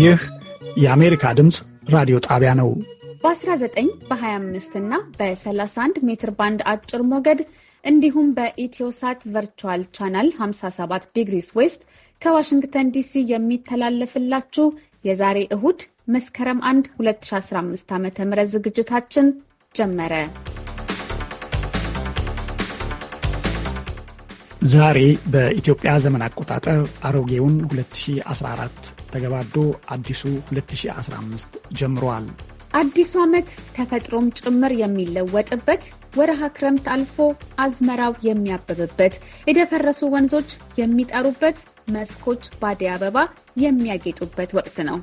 ይህ የአሜሪካ ድምፅ ራዲዮ ጣቢያ ነው። በ19 በ25 እና በ31 ሜትር ባንድ አጭር ሞገድ እንዲሁም በኢትዮሳት ቨርቹዋል ቻናል 57 ዲግሪስ ዌስት ከዋሽንግተን ዲሲ የሚተላለፍላችሁ የዛሬ እሁድ መስከረም 1 2015 ዓ ም ዝግጅታችን ጀመረ። ዛሬ በኢትዮጵያ ዘመን አቆጣጠር አሮጌውን 2014 ተገባዶ አዲሱ 2015 ጀምሯል። አዲሱ ዓመት ተፈጥሮም ጭምር የሚለወጥበት ወረሃ ክረምት አልፎ አዝመራው የሚያበብበት፣ የደፈረሱ ወንዞች የሚጠሩበት፣ መስኮች በአደይ አበባ የሚያጌጡበት ወቅት ነው።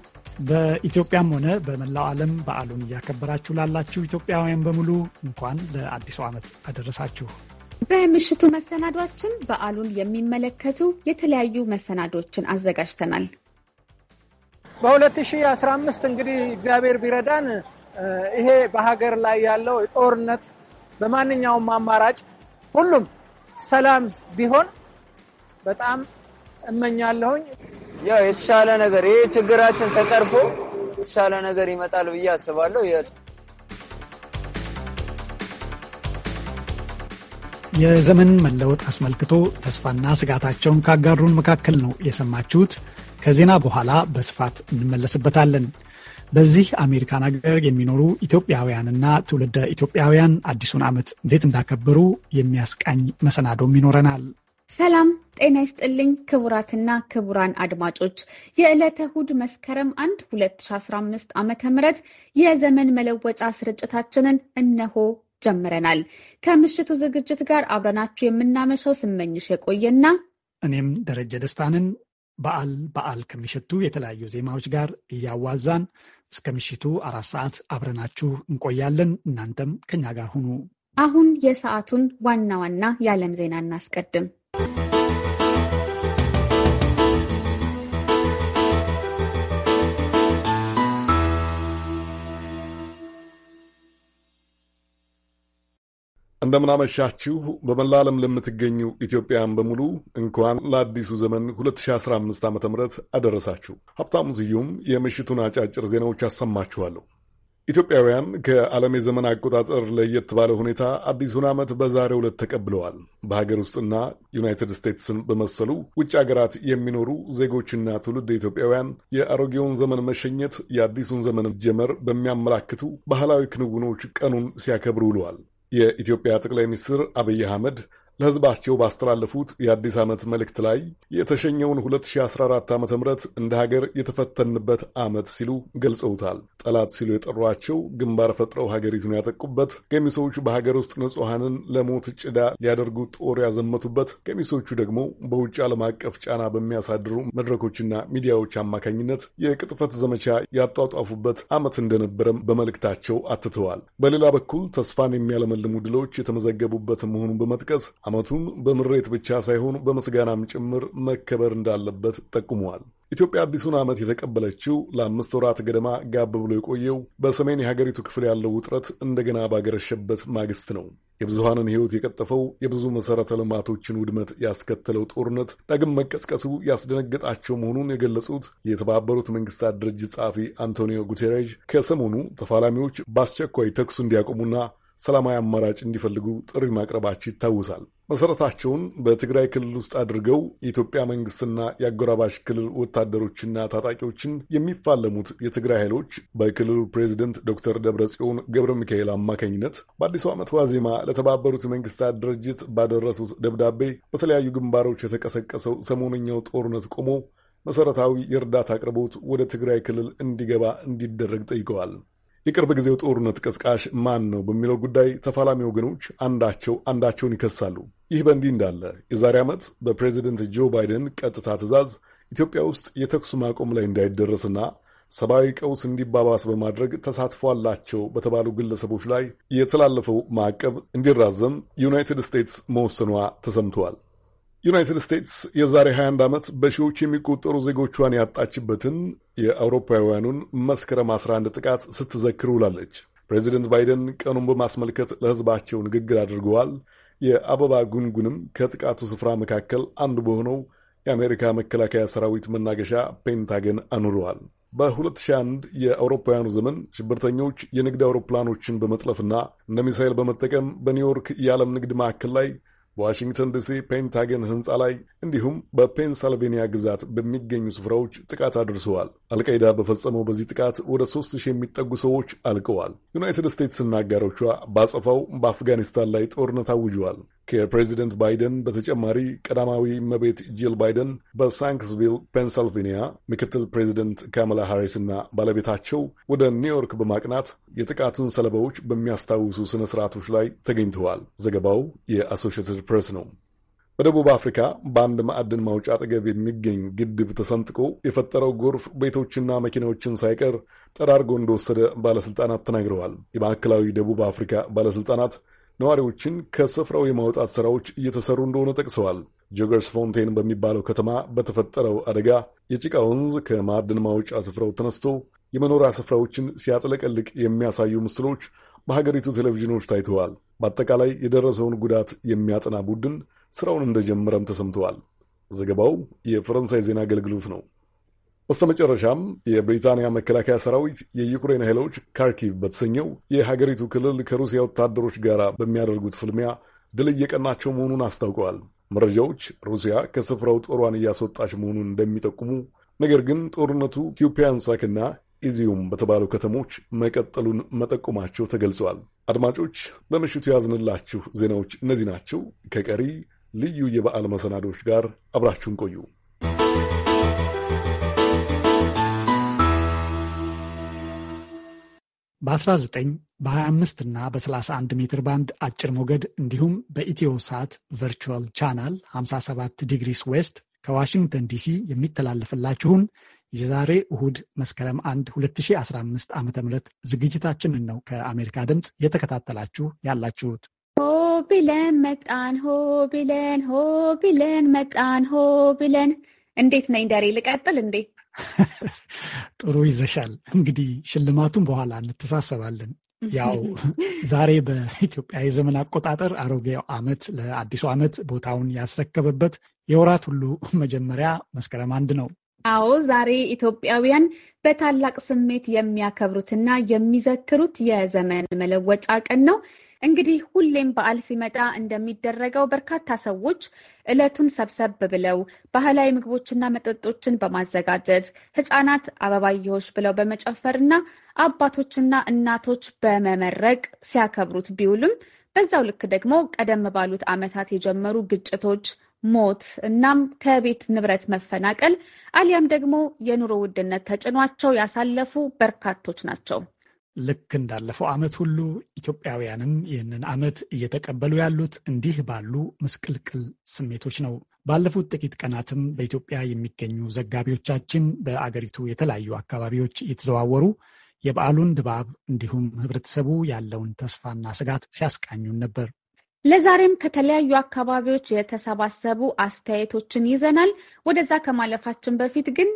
በኢትዮጵያም ሆነ በመላው ዓለም በዓሉን እያከበራችሁ ላላችሁ ኢትዮጵያውያን በሙሉ እንኳን ለአዲሱ ዓመት አደረሳችሁ። በምሽቱ መሰናዷችን በዓሉን የሚመለከቱ የተለያዩ መሰናዶችን አዘጋጅተናል። በ2015 እንግዲህ እግዚአብሔር ቢረዳን ይሄ በሀገር ላይ ያለው ጦርነት በማንኛውም አማራጭ ሁሉም ሰላም ቢሆን በጣም እመኛለሁኝ። ያው የተሻለ ነገር ይህ ችግራችን ተቀርፎ የተሻለ ነገር ይመጣል ብዬ አስባለሁ። የዘመን መለወጥ አስመልክቶ ተስፋና ስጋታቸውን ካጋሩን መካከል ነው የሰማችሁት። ከዜና በኋላ በስፋት እንመለስበታለን። በዚህ አሜሪካን ሀገር የሚኖሩ ኢትዮጵያውያንና ትውልደ ኢትዮጵያውያን አዲሱን ዓመት እንዴት እንዳከበሩ የሚያስቃኝ መሰናዶም ይኖረናል። ሰላም ጤና ይስጥልኝ ክቡራትና ክቡራን አድማጮች የዕለተ እሑድ መስከረም አንድ 2015 ዓ ም የዘመን መለወጫ ስርጭታችንን እነሆ ጀምረናል። ከምሽቱ ዝግጅት ጋር አብረናችሁ የምናመሸው ስመኝሽ የቆየና እኔም ደረጀ ደስታንን በዓል በዓል ከሚሸቱ የተለያዩ ዜማዎች ጋር እያዋዛን እስከ ምሽቱ አራት ሰዓት አብረናችሁ እንቆያለን። እናንተም ከኛ ጋር ሁኑ። አሁን የሰዓቱን ዋና ዋና የዓለም ዜና እናስቀድም። እንደምናመሻችሁ በመላ ዓለም ለምትገኙ ኢትዮጵያን በሙሉ እንኳን ለአዲሱ ዘመን 2015 ዓ ም አደረሳችሁ። ሀብታሙ ስዩም የምሽቱን አጫጭር ዜናዎች አሰማችኋለሁ። ኢትዮጵያውያን ከዓለም የዘመን አቆጣጠር ለየት ባለ ሁኔታ አዲሱን ዓመት በዛሬው ዕለት ተቀብለዋል። በሀገር ውስጥና ዩናይትድ ስቴትስን በመሰሉ ውጭ ሀገራት የሚኖሩ ዜጎችና ትውልድ ኢትዮጵያውያን የአሮጌውን ዘመን መሸኘት፣ የአዲሱን ዘመን ጀመር በሚያመላክቱ ባህላዊ ክንውኖች ቀኑን ሲያከብሩ ውለዋል። የኢትዮጵያ ጠቅላይ ሚኒስትር አብይ አህመድ ለህዝባቸው ባስተላለፉት የአዲስ ዓመት መልእክት ላይ የተሸኘውን 2014 ዓ ም እንደ ሀገር የተፈተንበት ዓመት ሲሉ ገልጸውታል። ጠላት ሲሉ የጠሯቸው ግንባር ፈጥረው ሀገሪቱን ያጠቁበት፣ ገሚሶቹ በሀገር ውስጥ ንጹሐንን ለሞት ጭዳ ሊያደርጉ ጦር ያዘመቱበት፣ ገሚሶቹ ደግሞ በውጭ ዓለም አቀፍ ጫና በሚያሳድሩ መድረኮችና ሚዲያዎች አማካኝነት የቅጥፈት ዘመቻ ያጧጧፉበት ዓመት እንደነበረም በመልእክታቸው አትተዋል። በሌላ በኩል ተስፋን የሚያለመልሙ ድሎች የተመዘገቡበት መሆኑን በመጥቀስ ዓመቱን በምሬት ብቻ ሳይሆን በምስጋናም ጭምር መከበር እንዳለበት ጠቁመዋል። ኢትዮጵያ አዲሱን ዓመት የተቀበለችው ለአምስት ወራት ገደማ ጋብ ብሎ የቆየው በሰሜን የሀገሪቱ ክፍል ያለው ውጥረት እንደገና ባገረሸበት ማግስት ነው። የብዙሃንን ሕይወት የቀጠፈው የብዙ መሠረተ ልማቶችን ውድመት ያስከተለው ጦርነት ዳግም መቀስቀሱ ያስደነገጣቸው መሆኑን የገለጹት የተባበሩት መንግስታት ድርጅት ጸሐፊ አንቶኒዮ ጉቴሬዥ ከሰሞኑ ተፋላሚዎች በአስቸኳይ ተኩሱ እንዲያቆሙና ሰላማዊ አማራጭ እንዲፈልጉ ጥሪ ማቅረባቸው ይታወሳል። መሰረታቸውን በትግራይ ክልል ውስጥ አድርገው የኢትዮጵያ መንግስትና የአጎራባሽ ክልል ወታደሮችና ታጣቂዎችን የሚፋለሙት የትግራይ ኃይሎች በክልሉ ፕሬዚደንት ዶክተር ደብረጽዮን ገብረ ሚካኤል አማካኝነት በአዲሱ ዓመት ዋዜማ ለተባበሩት መንግስታት ድርጅት ባደረሱት ደብዳቤ በተለያዩ ግንባሮች የተቀሰቀሰው ሰሞነኛው ጦርነት ቆሞ መሰረታዊ የእርዳታ አቅርቦት ወደ ትግራይ ክልል እንዲገባ እንዲደረግ ጠይቀዋል። የቅርብ ጊዜው ጦርነት ቀስቃሽ ማን ነው በሚለው ጉዳይ ተፋላሚ ወገኖች አንዳቸው አንዳቸውን ይከሳሉ። ይህ በእንዲህ እንዳለ የዛሬ ዓመት በፕሬዚደንት ጆ ባይደን ቀጥታ ትዕዛዝ ኢትዮጵያ ውስጥ የተኩስ ማቆም ላይ እንዳይደረስና ሰብአዊ ቀውስ እንዲባባስ በማድረግ ተሳትፎ አላቸው በተባሉ ግለሰቦች ላይ የተላለፈው ማዕቀብ እንዲራዘም ዩናይትድ ስቴትስ መወሰኗ ተሰምተዋል። ዩናይትድ ስቴትስ የዛሬ 21 ዓመት በሺዎች የሚቆጠሩ ዜጎቿን ያጣችበትን የአውሮፓውያኑን መስከረም 11 ጥቃት ስትዘክር ውላለች። ፕሬዚደንት ባይደን ቀኑን በማስመልከት ለሕዝባቸው ንግግር አድርገዋል። የአበባ ጉንጉንም ከጥቃቱ ስፍራ መካከል አንዱ በሆነው የአሜሪካ መከላከያ ሰራዊት መናገሻ ፔንታገን አኑረዋል። በ2001 የአውሮፓውያኑ ዘመን ሽብርተኞች የንግድ አውሮፕላኖችን በመጥለፍና እንደ ሚሳይል በመጠቀም በኒውዮርክ የዓለም ንግድ ማዕከል ላይ በዋሽንግተን ዲሲ ፔንታገን ህንፃ ላይ እንዲሁም በፔንሳልቬኒያ ግዛት በሚገኙ ስፍራዎች ጥቃት አድርሰዋል። አልቃይዳ በፈጸመው በዚህ ጥቃት ወደ ሦስት ሺህ የሚጠጉ ሰዎች አልቀዋል። ዩናይትድ ስቴትስና አጋሮቿ በአጸፋው በአፍጋኒስታን ላይ ጦርነት አውጀዋል። ከፕሬዚደንት ባይደን በተጨማሪ ቀዳማዊ እመቤት ጂል ባይደን በሳንክስቪል ፔንሰልቬኒያ፣ ምክትል ፕሬዚደንት ካማላ እና ባለቤታቸው ወደ ኒውዮርክ በማቅናት የጥቃቱን ሰለባዎች በሚያስታውሱ ስነ ስርዓቶች ላይ ተገኝተዋል። ዘገባው የአሶሽትድ ፕሬስ ነው። በደቡብ አፍሪካ በአንድ ማዕድን ማውጫ አጠገብ የሚገኝ ግድብ ተሰንጥቆ የፈጠረው ጎርፍ ቤቶችና መኪናዎችን ሳይቀር ጠራርጎ እንደወሰደ ባለሥልጣናት ተናግረዋል። የማዕከላዊ ደቡብ አፍሪካ ባለሥልጣናት ነዋሪዎችን ከስፍራው የማውጣት ሥራዎች እየተሰሩ እንደሆነ ጠቅሰዋል። ጆገርስ ፎንቴን በሚባለው ከተማ በተፈጠረው አደጋ የጭቃ ወንዝ ከማዕድን ማውጫ ስፍራው ተነስቶ የመኖሪያ ስፍራዎችን ሲያጥለቀልቅ የሚያሳዩ ምስሎች በሀገሪቱ ቴሌቪዥኖች ታይተዋል። በአጠቃላይ የደረሰውን ጉዳት የሚያጠና ቡድን ስራውን እንደጀመረም ተሰምተዋል። ዘገባው የፈረንሳይ ዜና አገልግሎት ነው። በስተ መጨረሻም የብሪታንያ መከላከያ ሰራዊት የዩክሬን ኃይሎች ካርኪቭ በተሰኘው የሀገሪቱ ክልል ከሩሲያ ወታደሮች ጋር በሚያደርጉት ፍልሚያ ድል እየቀናቸው መሆኑን አስታውቀዋል። መረጃዎች ሩሲያ ከስፍራው ጦሯን እያስወጣች መሆኑን እንደሚጠቁሙ፣ ነገር ግን ጦርነቱ ኪውፒያንሳክና ኢዚዩም በተባሉ ከተሞች መቀጠሉን መጠቆማቸው ተገልጸዋል። አድማጮች ለምሽቱ ያዝንላችሁ ዜናዎች እነዚህ ናቸው። ከቀሪ ልዩ የበዓል መሰናዶች ጋር አብራችሁን ቆዩ። በ19 በ25 እና በ31 ሜትር ባንድ አጭር ሞገድ እንዲሁም በኢትዮ ሳት ቨርቹዋል ቻናል 57 ዲግሪስ ዌስት ከዋሽንግተን ዲሲ የሚተላለፍላችሁን የዛሬ እሁድ መስከረም 1 2015 ዓ ም ዝግጅታችንን ነው ከአሜሪካ ድምፅ የተከታተላችሁ ያላችሁት። ሆ ብለን መጣን፣ ሆ ብለን ሆ ብለን መጣን፣ ሆ ብለን እንዴት ነኝ? ደሬ ልቀጥል እንዴ? ጥሩ ይዘሻል። እንግዲህ ሽልማቱን በኋላ እንተሳሰባለን። ያው ዛሬ በኢትዮጵያ የዘመን አቆጣጠር አሮጌው ዓመት ለአዲሱ ዓመት ቦታውን ያስረከበበት የወራት ሁሉ መጀመሪያ መስከረም አንድ ነው። አዎ ዛሬ ኢትዮጵያውያን በታላቅ ስሜት የሚያከብሩትና የሚዘክሩት የዘመን መለወጫ ቀን ነው። እንግዲህ ሁሌም በዓል ሲመጣ እንደሚደረገው በርካታ ሰዎች ዕለቱን ሰብሰብ ብለው ባህላዊ ምግቦችና መጠጦችን በማዘጋጀት ሕፃናት አበባየሆሽ ብለው በመጨፈርና አባቶችና እናቶች በመመረቅ ሲያከብሩት ቢውልም በዛው ልክ ደግሞ ቀደም ባሉት ዓመታት የጀመሩ ግጭቶች፣ ሞት እናም ከቤት ንብረት መፈናቀል አሊያም ደግሞ የኑሮ ውድነት ተጭኗቸው ያሳለፉ በርካቶች ናቸው። ልክ እንዳለፈው ዓመት ሁሉ ኢትዮጵያውያንም ይህንን ዓመት እየተቀበሉ ያሉት እንዲህ ባሉ ምስቅልቅል ስሜቶች ነው። ባለፉት ጥቂት ቀናትም በኢትዮጵያ የሚገኙ ዘጋቢዎቻችን በአገሪቱ የተለያዩ አካባቢዎች እየተዘዋወሩ የበዓሉን ድባብ እንዲሁም ህብረተሰቡ ያለውን ተስፋና ስጋት ሲያስቃኙን ነበር። ለዛሬም ከተለያዩ አካባቢዎች የተሰባሰቡ አስተያየቶችን ይዘናል። ወደዛ ከማለፋችን በፊት ግን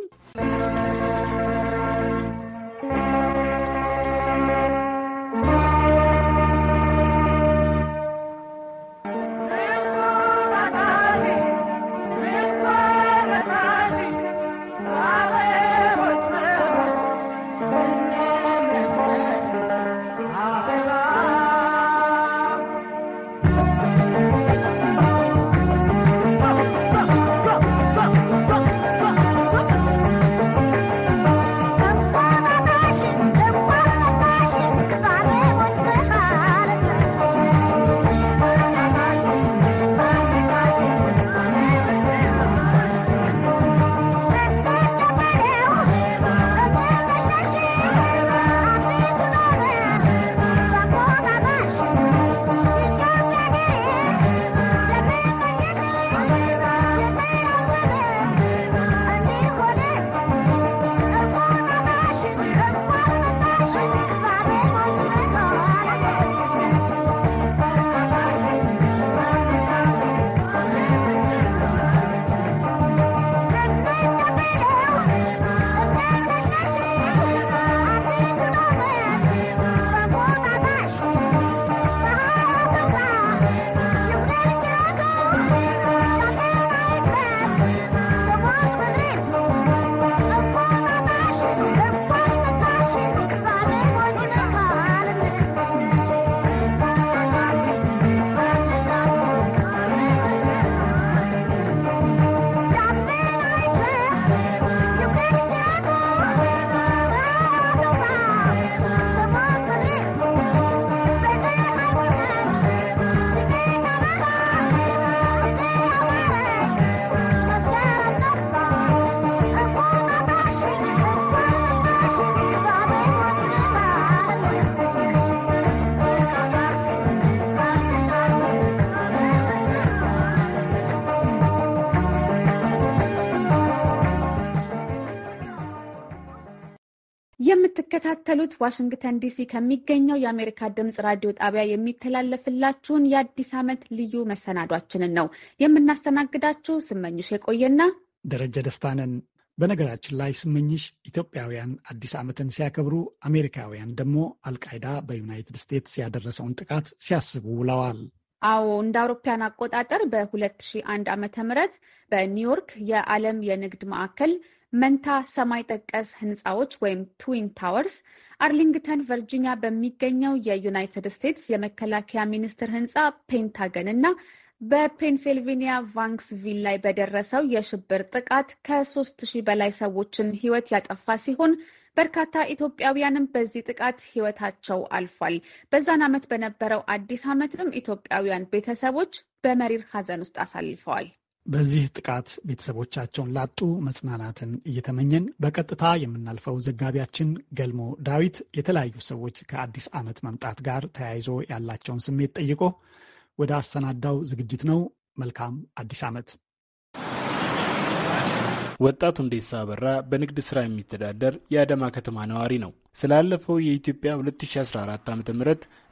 የምትከታተሉት ዋሽንግተን ዲሲ ከሚገኘው የአሜሪካ ድምፅ ራዲዮ ጣቢያ የሚተላለፍላችሁን የአዲስ ዓመት ልዩ መሰናዷችንን ነው የምናስተናግዳችሁ። ስመኝሽ የቆየና ደረጀ ደስታነን። በነገራችን ላይ ስመኝሽ፣ ኢትዮጵያውያን አዲስ ዓመትን ሲያከብሩ፣ አሜሪካውያን ደግሞ አልቃይዳ በዩናይትድ ስቴትስ ያደረሰውን ጥቃት ሲያስቡ ውለዋል። አዎ እንደ አውሮፓያን አቆጣጠር በ2001 ዓ ም በኒውዮርክ የዓለም የንግድ ማዕከል መንታ ሰማይ ጠቀስ ህንፃዎች ወይም ትዊን ታወርስ አርሊንግተን ቨርጂኒያ በሚገኘው የዩናይትድ ስቴትስ የመከላከያ ሚኒስቴር ህንፃ ፔንታገን እና በፔንሲልቬኒያ ቫንክስቪል ላይ በደረሰው የሽብር ጥቃት ከ3000 በላይ ሰዎችን ህይወት ያጠፋ ሲሆን በርካታ ኢትዮጵያውያንም በዚህ ጥቃት ህይወታቸው አልፏል። በዛን ዓመት በነበረው አዲስ ዓመትም ኢትዮጵያውያን ቤተሰቦች በመሪር ሀዘን ውስጥ አሳልፈዋል። በዚህ ጥቃት ቤተሰቦቻቸውን ላጡ መጽናናትን እየተመኘን በቀጥታ የምናልፈው ዘጋቢያችን ገልሞ ዳዊት የተለያዩ ሰዎች ከአዲስ ዓመት መምጣት ጋር ተያይዞ ያላቸውን ስሜት ጠይቆ ወደ አሰናዳው ዝግጅት ነው። መልካም አዲስ ዓመት። ወጣቱ እንዴሳ አበራ በንግድ ስራ የሚተዳደር የአዳማ ከተማ ነዋሪ ነው። ስላለፈው የኢትዮጵያ 2014 ዓ ም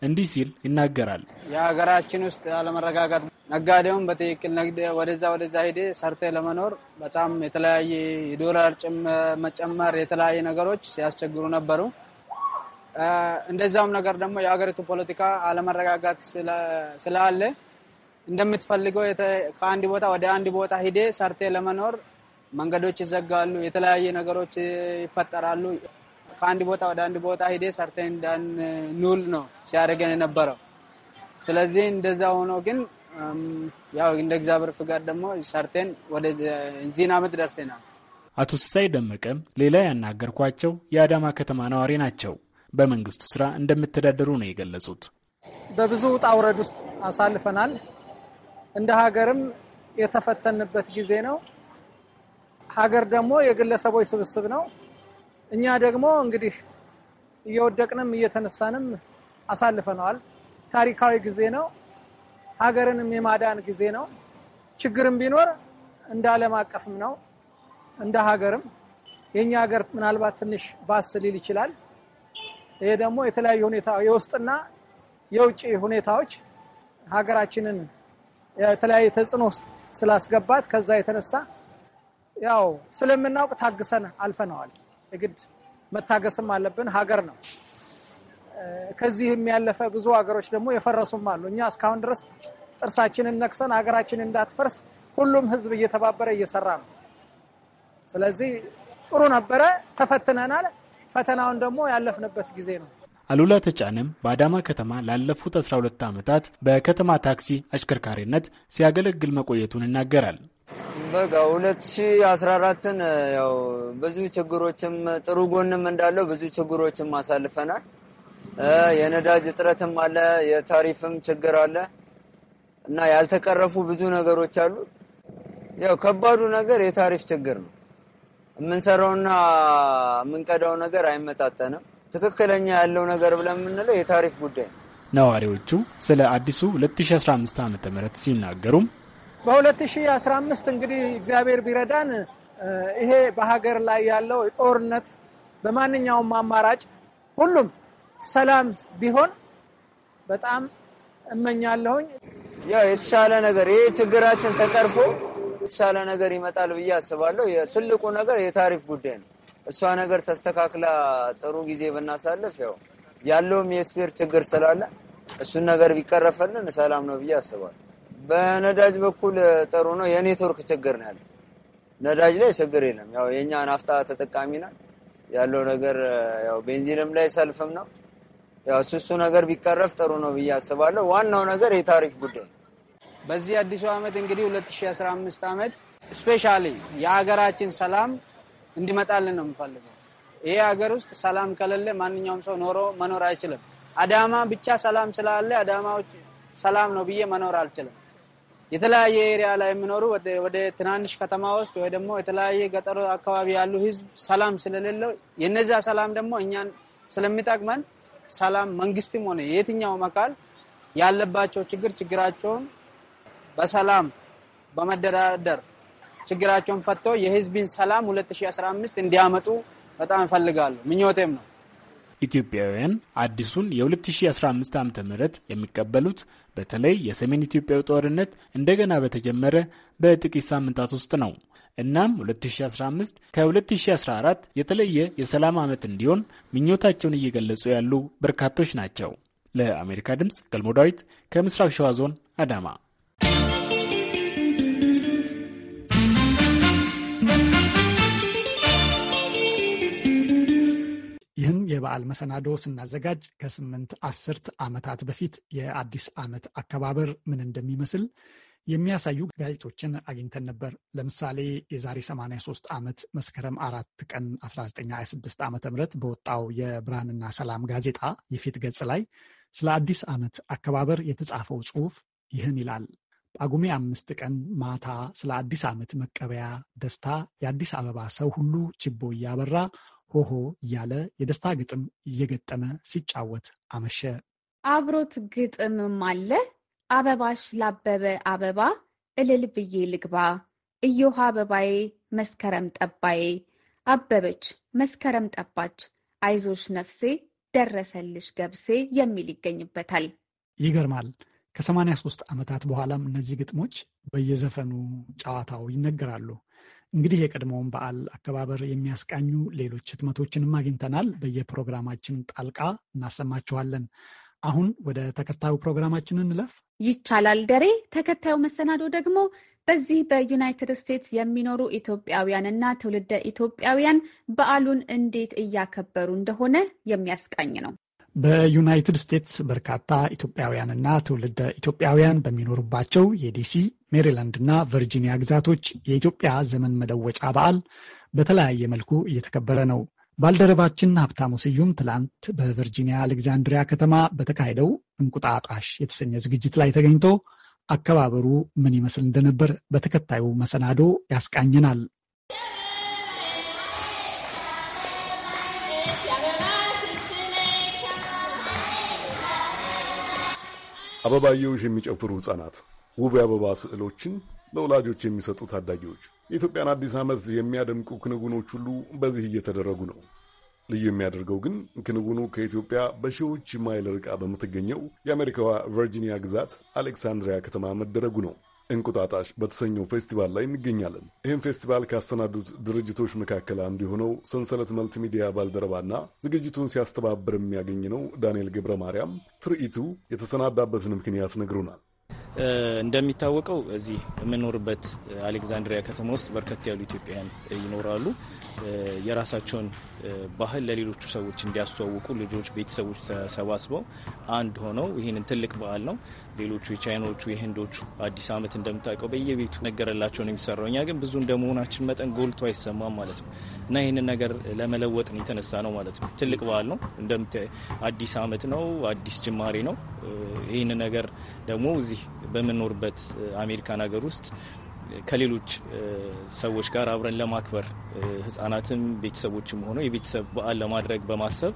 እንዲህ ሲል ይናገራል። የሀገራችን ውስጥ አለመረጋጋት ነጋዴውን በትክክል ነግደ ወደዛ ወደዛ ሄደ ሰርተ ለመኖር በጣም የተለያየ የዶላር መጨመር የተለያየ ነገሮች ሲያስቸግሩ ነበሩ። እንደዛውም ነገር ደግሞ የሀገሪቱ ፖለቲካ አለመረጋጋት ስላለ እንደምትፈልገው ከአንድ ቦታ ወደ አንድ ቦታ ሂደ ሰርቴ ለመኖር መንገዶች ይዘጋሉ፣ የተለያየ ነገሮች ይፈጠራሉ። ከአንድ ቦታ ወደ አንድ ቦታ ሂደ ሰርቴ እንዳንኑል ነው ሲያደርገን የነበረው። ስለዚህ እንደዛ ሆኖ ግን ያው እንደ እግዚአብሔር ፍቃድ ደግሞ ሰርቴን ወደ እዚህን አመት ደርሴና። አቶ ስሳይ ደመቀ ሌላ ያናገርኳቸው የአዳማ ከተማ ነዋሪ ናቸው። በመንግስት ስራ እንደምትተዳደሩ ነው የገለጹት። በብዙ ውጣ ውረድ ውስጥ አሳልፈናል። እንደ ሀገርም የተፈተንበት ጊዜ ነው። ሀገር ደግሞ የግለሰቦች ስብስብ ነው። እኛ ደግሞ እንግዲህ እየወደቅንም እየተነሳንም አሳልፈነዋል። ታሪካዊ ጊዜ ነው። ሀገርንም የማዳን ጊዜ ነው። ችግርም ቢኖር እንደ ዓለም አቀፍም ነው እንደ ሀገርም የእኛ ሀገር ምናልባት ትንሽ ባስ ሊል ይችላል። ይሄ ደግሞ የተለያዩ ሁኔታ የውስጥና የውጭ ሁኔታዎች ሀገራችንን የተለያየ ተጽዕኖ ውስጥ ስላስገባት ከዛ የተነሳ ያው ስለምናውቅ ታግሰን አልፈነዋል። እግድ መታገስም አለብን። ሀገር ነው። ከዚህም ያለፈ ብዙ ሀገሮች ደግሞ የፈረሱም አሉ። እኛ እስካሁን ድረስ ጥርሳችንን ነክሰን ሀገራችን እንዳትፈርስ ሁሉም ህዝብ እየተባበረ እየሰራ ነው። ስለዚህ ጥሩ ነበረ፣ ተፈትነናል። ፈተናውን ደግሞ ያለፍንበት ጊዜ ነው። አሉላ ተጫነም በአዳማ ከተማ ላለፉት 12 ዓመታት በከተማ ታክሲ አሽከርካሪነት ሲያገለግል መቆየቱን ይናገራል። በቃ 2014 ያው ብዙ ችግሮችም ጥሩ ጎንም እንዳለው ብዙ ችግሮችም አሳልፈናል። የነዳጅ እጥረትም አለ፣ የታሪፍም ችግር አለ እና ያልተቀረፉ ብዙ ነገሮች አሉ። ያው ከባዱ ነገር የታሪፍ ችግር ነው። የምንሰራውና የምንቀዳው ነገር አይመጣጠንም። ትክክለኛ ያለው ነገር ብለን የምንለው የታሪፍ ጉዳይ ነው። ነዋሪዎቹ ስለ አዲሱ 2015 ዓ ም ሲናገሩም በ2015 እንግዲህ እግዚአብሔር ቢረዳን ይሄ በሀገር ላይ ያለው ጦርነት በማንኛውም አማራጭ ሁሉም ሰላም ቢሆን በጣም እመኛለሁኝ። ያው የተሻለ ነገር ይህ ችግራችን ተቀርፎ የተሻለ ነገር ይመጣል ብዬ አስባለሁ። ትልቁ ነገር የታሪፍ ጉዳይ ነው። እሷ ነገር ተስተካክላ ጥሩ ጊዜ ብናሳልፍ ያው ያለውም የስፔር ችግር ስላለ እሱን ነገር ቢቀረፈልን ሰላም ነው ብዬ አስባለሁ። በነዳጅ በኩል ጥሩ ነው። የኔትወርክ ችግር ነው ያለ። ነዳጅ ላይ ችግር የለም። ያው የእኛ ናፍታ ተጠቃሚ ናል ያለው ነገር ያው ቤንዚንም ላይ ሰልፍም ነው ያው እሱ ነገር ቢቀረፍ ጥሩ ነው ብዬ አስባለሁ። ዋናው ነገር የታሪፍ ጉዳይ በዚህ አዲሱ ዓመት እንግዲህ 2015 ዓመት ስፔሻሊ የሀገራችን ሰላም እንዲመጣልን ነው የምፈልገው። ይሄ ሀገር ውስጥ ሰላም ከሌለ ማንኛውም ሰው ኖሮ መኖር አይችልም። አዳማ ብቻ ሰላም ስላለ አዳማዎች ሰላም ነው ብዬ መኖር አልችልም። የተለያየ ኤሪያ ላይ የሚኖሩ ወደ ትናንሽ ከተማ ውስጥ ወይ ደግሞ የተለያየ ገጠሮ አካባቢ ያሉ ህዝብ ሰላም ስለሌለው የነዚያ ሰላም ደግሞ እኛን ስለሚጠቅመን ሰላም መንግስትም ሆነ የትኛውም አካል ያለባቸው ችግር ችግራቸውን በሰላም በመደራደር ችግራቸውን ፈቶ የህዝብን ሰላም 2015 እንዲያመጡ በጣም እፈልጋለሁ፣ ምኞቴም ነው። ኢትዮጵያውያን አዲሱን የ2015 ዓ ም የሚቀበሉት በተለይ የሰሜን ኢትዮጵያው ጦርነት እንደገና በተጀመረ በጥቂት ሳምንታት ውስጥ ነው። እናም 2015 ከ2014 የተለየ የሰላም ዓመት እንዲሆን ምኞታቸውን እየገለጹ ያሉ በርካቶች ናቸው። ለአሜሪካ ድምፅ ገልሞ ዳዊት ከምስራቅ ሸዋ ዞን አዳማ። ይህን የበዓል መሰናዶ ስናዘጋጅ ከስምንት አስርት ዓመታት በፊት የአዲስ ዓመት አከባበር ምን እንደሚመስል የሚያሳዩ ጋዜጦችን አግኝተን ነበር። ለምሳሌ የዛሬ 83 ዓመት መስከረም አራት ቀን 1926 ዓ ም በወጣው የብርሃንና ሰላም ጋዜጣ የፊት ገጽ ላይ ስለ አዲስ ዓመት አከባበር የተጻፈው ጽሑፍ ይህን ይላል። ጳጉሜ አምስት ቀን ማታ ስለ አዲስ ዓመት መቀበያ ደስታ የአዲስ አበባ ሰው ሁሉ ችቦ እያበራ ሆሆ እያለ የደስታ ግጥም እየገጠመ ሲጫወት አመሸ። አብሮት ግጥምም አለ። አበባሽ ላበበ አበባ እልል ብዬ ልግባ እዮሃ አበባዬ መስከረም ጠባዬ አበበች መስከረም ጠባች አይዞሽ ነፍሴ ደረሰልሽ ገብሴ የሚል ይገኝበታል። ይገርማል። ይገርማል። ሶስት ዓመታት በኋላም እነዚህ ግጥሞች በየዘፈኑ ጨዋታው ይነገራሉ። እንግዲህ የቀድሞውን በዓል አከባበር የሚያስቃኙ ሌሎች ህትመቶችንም አግኝተናል። በየፕሮግራማችን ጣልቃ እናሰማችኋለን። አሁን ወደ ተከታዩ ፕሮግራማችን እንለፍ። ይቻላል ደሬ። ተከታዩ መሰናዶ ደግሞ በዚህ በዩናይትድ ስቴትስ የሚኖሩ ኢትዮጵያውያንና ትውልደ ኢትዮጵያውያን በዓሉን እንዴት እያከበሩ እንደሆነ የሚያስቃኝ ነው። በዩናይትድ ስቴትስ በርካታ ኢትዮጵያውያንና ትውልደ ኢትዮጵያውያን በሚኖሩባቸው የዲሲ ሜሪላንድ እና ቨርጂኒያ ግዛቶች የኢትዮጵያ ዘመን መለወጫ በዓል በተለያየ መልኩ እየተከበረ ነው። ባልደረባችን ሀብታሙ ስዩም ትላንት በቨርጂኒያ አሌግዛንድሪያ ከተማ በተካሄደው እንቁጣጣሽ የተሰኘ ዝግጅት ላይ ተገኝቶ አከባበሩ ምን ይመስል እንደነበር በተከታዩ መሰናዶ ያስቃኘናል። አበባየውሽ የሚጨፍሩ ሕፃናት ውብ የአበባ ስዕሎችን ለወላጆች የሚሰጡ ታዳጊዎች የኢትዮጵያን አዲስ ዓመት የሚያደምቁ ክንውኖች ሁሉ በዚህ እየተደረጉ ነው። ልዩ የሚያደርገው ግን ክንውኑ ከኢትዮጵያ በሺዎች ማይል ርቃ በምትገኘው የአሜሪካዋ ቨርጂኒያ ግዛት አሌክሳንድሪያ ከተማ መደረጉ ነው። እንቁጣጣሽ በተሰኘው ፌስቲቫል ላይ እንገኛለን። ይህም ፌስቲቫል ካሰናዱት ድርጅቶች መካከል አንዱ የሆነው ሰንሰለት መልቲሚዲያ ሚዲያ ባልደረባና ዝግጅቱን ሲያስተባብር የሚያገኝ ነው ዳንኤል ገብረ ማርያም ትርኢቱ የተሰናዳበትን ምክንያት ነግሩናል። እንደሚታወቀው እዚህ የምኖርበት አሌክዛንድሪያ ከተማ ውስጥ በርከት ያሉ ኢትዮጵያውያን ይኖራሉ። የራሳቸውን ባህል ለሌሎቹ ሰዎች እንዲያስተዋውቁ ልጆች፣ ቤተሰቦች ተሰባስበው አንድ ሆነው ይህንን ትልቅ በዓል ነው ሌሎቹ የቻይናዎቹ የህንዶቹ አዲስ ዓመት እንደምታውቀው በየቤቱ ነገረላቸው ነው የሚሰራው። እኛ ግን ብዙ እንደመሆናችን መጠን ጎልቶ አይሰማም ማለት ነው እና ይህንን ነገር ለመለወጥ ነው የተነሳ ነው ማለት ነው። ትልቅ በዓል ነው እንደምታ አዲስ ዓመት ነው፣ አዲስ ጅማሬ ነው። ይህን ነገር ደግሞ እዚህ በምንኖርበት አሜሪካን ሀገር ውስጥ ከሌሎች ሰዎች ጋር አብረን ለማክበር ህጻናትም ቤተሰቦችም ሆነው የቤተሰብ በዓል ለማድረግ በማሰብ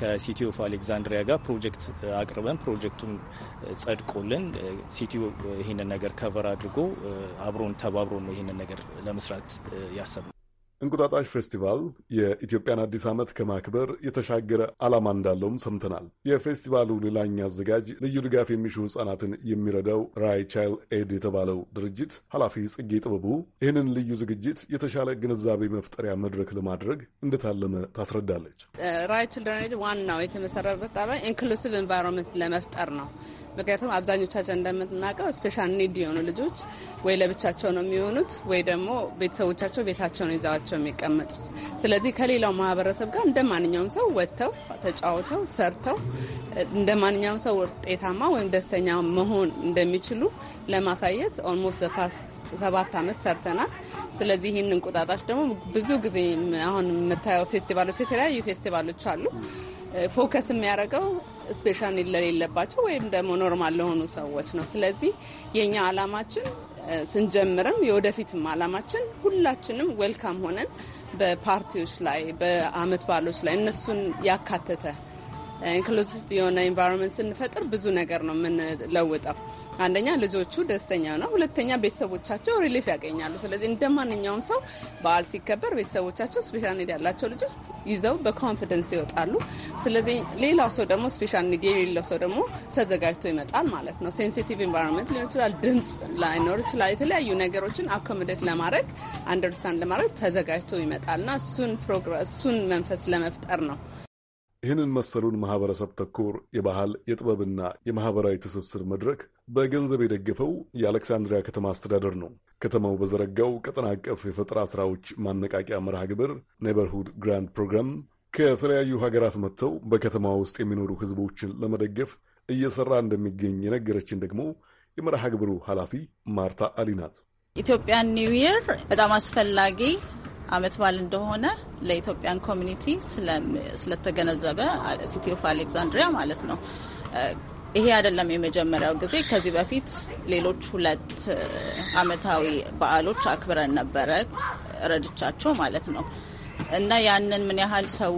ከሲቲ ኦፍ አሌክዛንድሪያ ጋር ፕሮጀክት አቅርበን ፕሮጀክቱን ጸድቆልን ሲቲ ይህንን ነገር ከቨር አድርጎ አብሮን ተባብሮ ነው ይህንን ነገር ለመስራት ያሰብነው። እንቁጣጣሽ ፌስቲቫል የኢትዮጵያን አዲስ ዓመት ከማክበር የተሻገረ ዓላማ እንዳለውም ሰምተናል። የፌስቲቫሉ ሌላኛ አዘጋጅ ልዩ ድጋፍ የሚሹ ሕጻናትን የሚረዳው ራይ ቻይልድ ኤድ የተባለው ድርጅት ኃላፊ ጽጌ ጥበቡ ይህንን ልዩ ዝግጅት የተሻለ ግንዛቤ መፍጠሪያ መድረክ ለማድረግ እንደታለመ ታስረዳለች። ራይ ችልድረን ዋናው የተመሰረተው ኢንክሉሲቭ ኤንቫይሮንመንት ለመፍጠር ነው። ምክንያቱም አብዛኞቻችን እንደምናውቀው ስፔሻል ኒድ የሆኑ ልጆች ወይ ለብቻቸው ነው የሚሆኑት ወይ ደግሞ ቤተሰቦቻቸው ቤታቸው ነው ይዘዋቸው የሚቀመጡት። ስለዚህ ከሌላው ማህበረሰብ ጋር እንደ ማንኛውም ሰው ወጥተው ተጫውተው ሰርተው እንደ ማንኛውም ሰው ውጤታማ ወይም ደስተኛ መሆን እንደሚችሉ ለማሳየት ኦልሞስት ፓስት ሰባት አመት ሰርተናል። ስለዚህ ይህን እንቁጣጣሽ ደግሞ ብዙ ጊዜ አሁን የምታየው ፌስቲቫሎች የተለያዩ ፌስቲቫሎች አሉ ፎከስ የሚያደርገው ስፔሻል ለሌለባቸው ወይም ደግሞ ኖርማል ለሆኑ ሰዎች ነው። ስለዚህ የእኛ አላማችን ስንጀምርም የወደፊትም አላማችን ሁላችንም ዌልካም ሆነን በፓርቲዎች ላይ በአመት ባሎች ላይ እነሱን ያካተተ ኢንክሉዚቭ የሆነ ኢንቫይሮንመንት ስንፈጥር ብዙ ነገር ነው የምንለውጠው። አንደኛ ልጆቹ ደስተኛ ነው፣ ሁለተኛ ቤተሰቦቻቸው ሪሊፍ ያገኛሉ። ስለዚህ እንደ ማንኛውም ሰው በዓል ሲከበር ቤተሰቦቻቸው ስፔሻል ኒድ ያላቸው ልጆች ይዘው በኮንፊደንስ ይወጣሉ። ስለዚህ ሌላ ሰው ደግሞ ስፔሻል ኒድ የሌለው ሰው ደግሞ ተዘጋጅቶ ይመጣል ማለት ነው። ሴንሲቲቭ ኢንቫይሮንመንት ሊሆን ይችላል፣ ድምፅ ላይኖር ይችላል። የተለያዩ ነገሮችን አኮሞዴት ለማድረግ አንደርስታንድ ለማድረግ ተዘጋጅቶ ይመጣልና እሱን ፕሮግረስ እሱን መንፈስ ለመፍጠር ነው ይህንን መሰሉን ማህበረሰብ ተኮር የባህል የጥበብና የማህበራዊ ትስስር መድረክ በገንዘብ የደገፈው የአሌክሳንድሪያ ከተማ አስተዳደር ነው። ከተማው በዘረጋው ቀጠና አቀፍ የፈጠራ ስራዎች ማነቃቂያ መርሃ ግብር ኔበርሁድ ግራንድ ፕሮግራም ከተለያዩ ሀገራት መጥተው በከተማ ውስጥ የሚኖሩ ህዝቦችን ለመደገፍ እየሰራ እንደሚገኝ የነገረችን ደግሞ የመርሃ ግብሩ ኃላፊ ማርታ አሊ ናት። ኢትዮጵያን ኒው ይር በጣም አስፈላጊ አመት በዓል እንደሆነ ለኢትዮጵያን ኮሚኒቲ ስለተገነዘበ ሲቲ ኦፍ አሌክዛንድሪያ ማለት ነው። ይሄ አይደለም የመጀመሪያው ጊዜ። ከዚህ በፊት ሌሎች ሁለት አመታዊ በዓሎች አክብረን ነበረ ረድቻቸው ማለት ነው እና ያንን ምን ያህል ሰው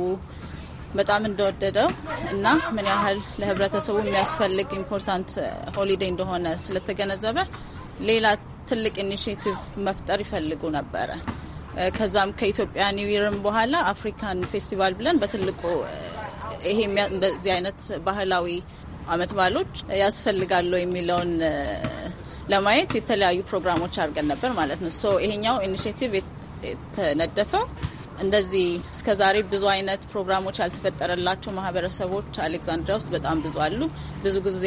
በጣም እንደወደደው እና ምን ያህል ለህብረተሰቡ የሚያስፈልግ ኢምፖርታንት ሆሊዴ እንደሆነ ስለተገነዘበ ሌላ ትልቅ ኢኒሽቲቭ መፍጠር ይፈልጉ ነበረ። ከዛም ከኢትዮጵያ ኒው ይርም በኋላ አፍሪካን ፌስቲቫል ብለን በትልቁ ይሄ እንደዚህ አይነት ባህላዊ አመት ባሎች ያስፈልጋሉ የሚለውን ለማየት የተለያዩ ፕሮግራሞች አድርገን ነበር ማለት ነው። ሶ ይሄኛው ኢኒሽቲቭ የተነደፈው እንደዚህ እስከ ዛሬ ብዙ አይነት ፕሮግራሞች ያልተፈጠረላቸው ማህበረሰቦች አሌክዛንድሪያ ውስጥ በጣም ብዙ አሉ። ብዙ ጊዜ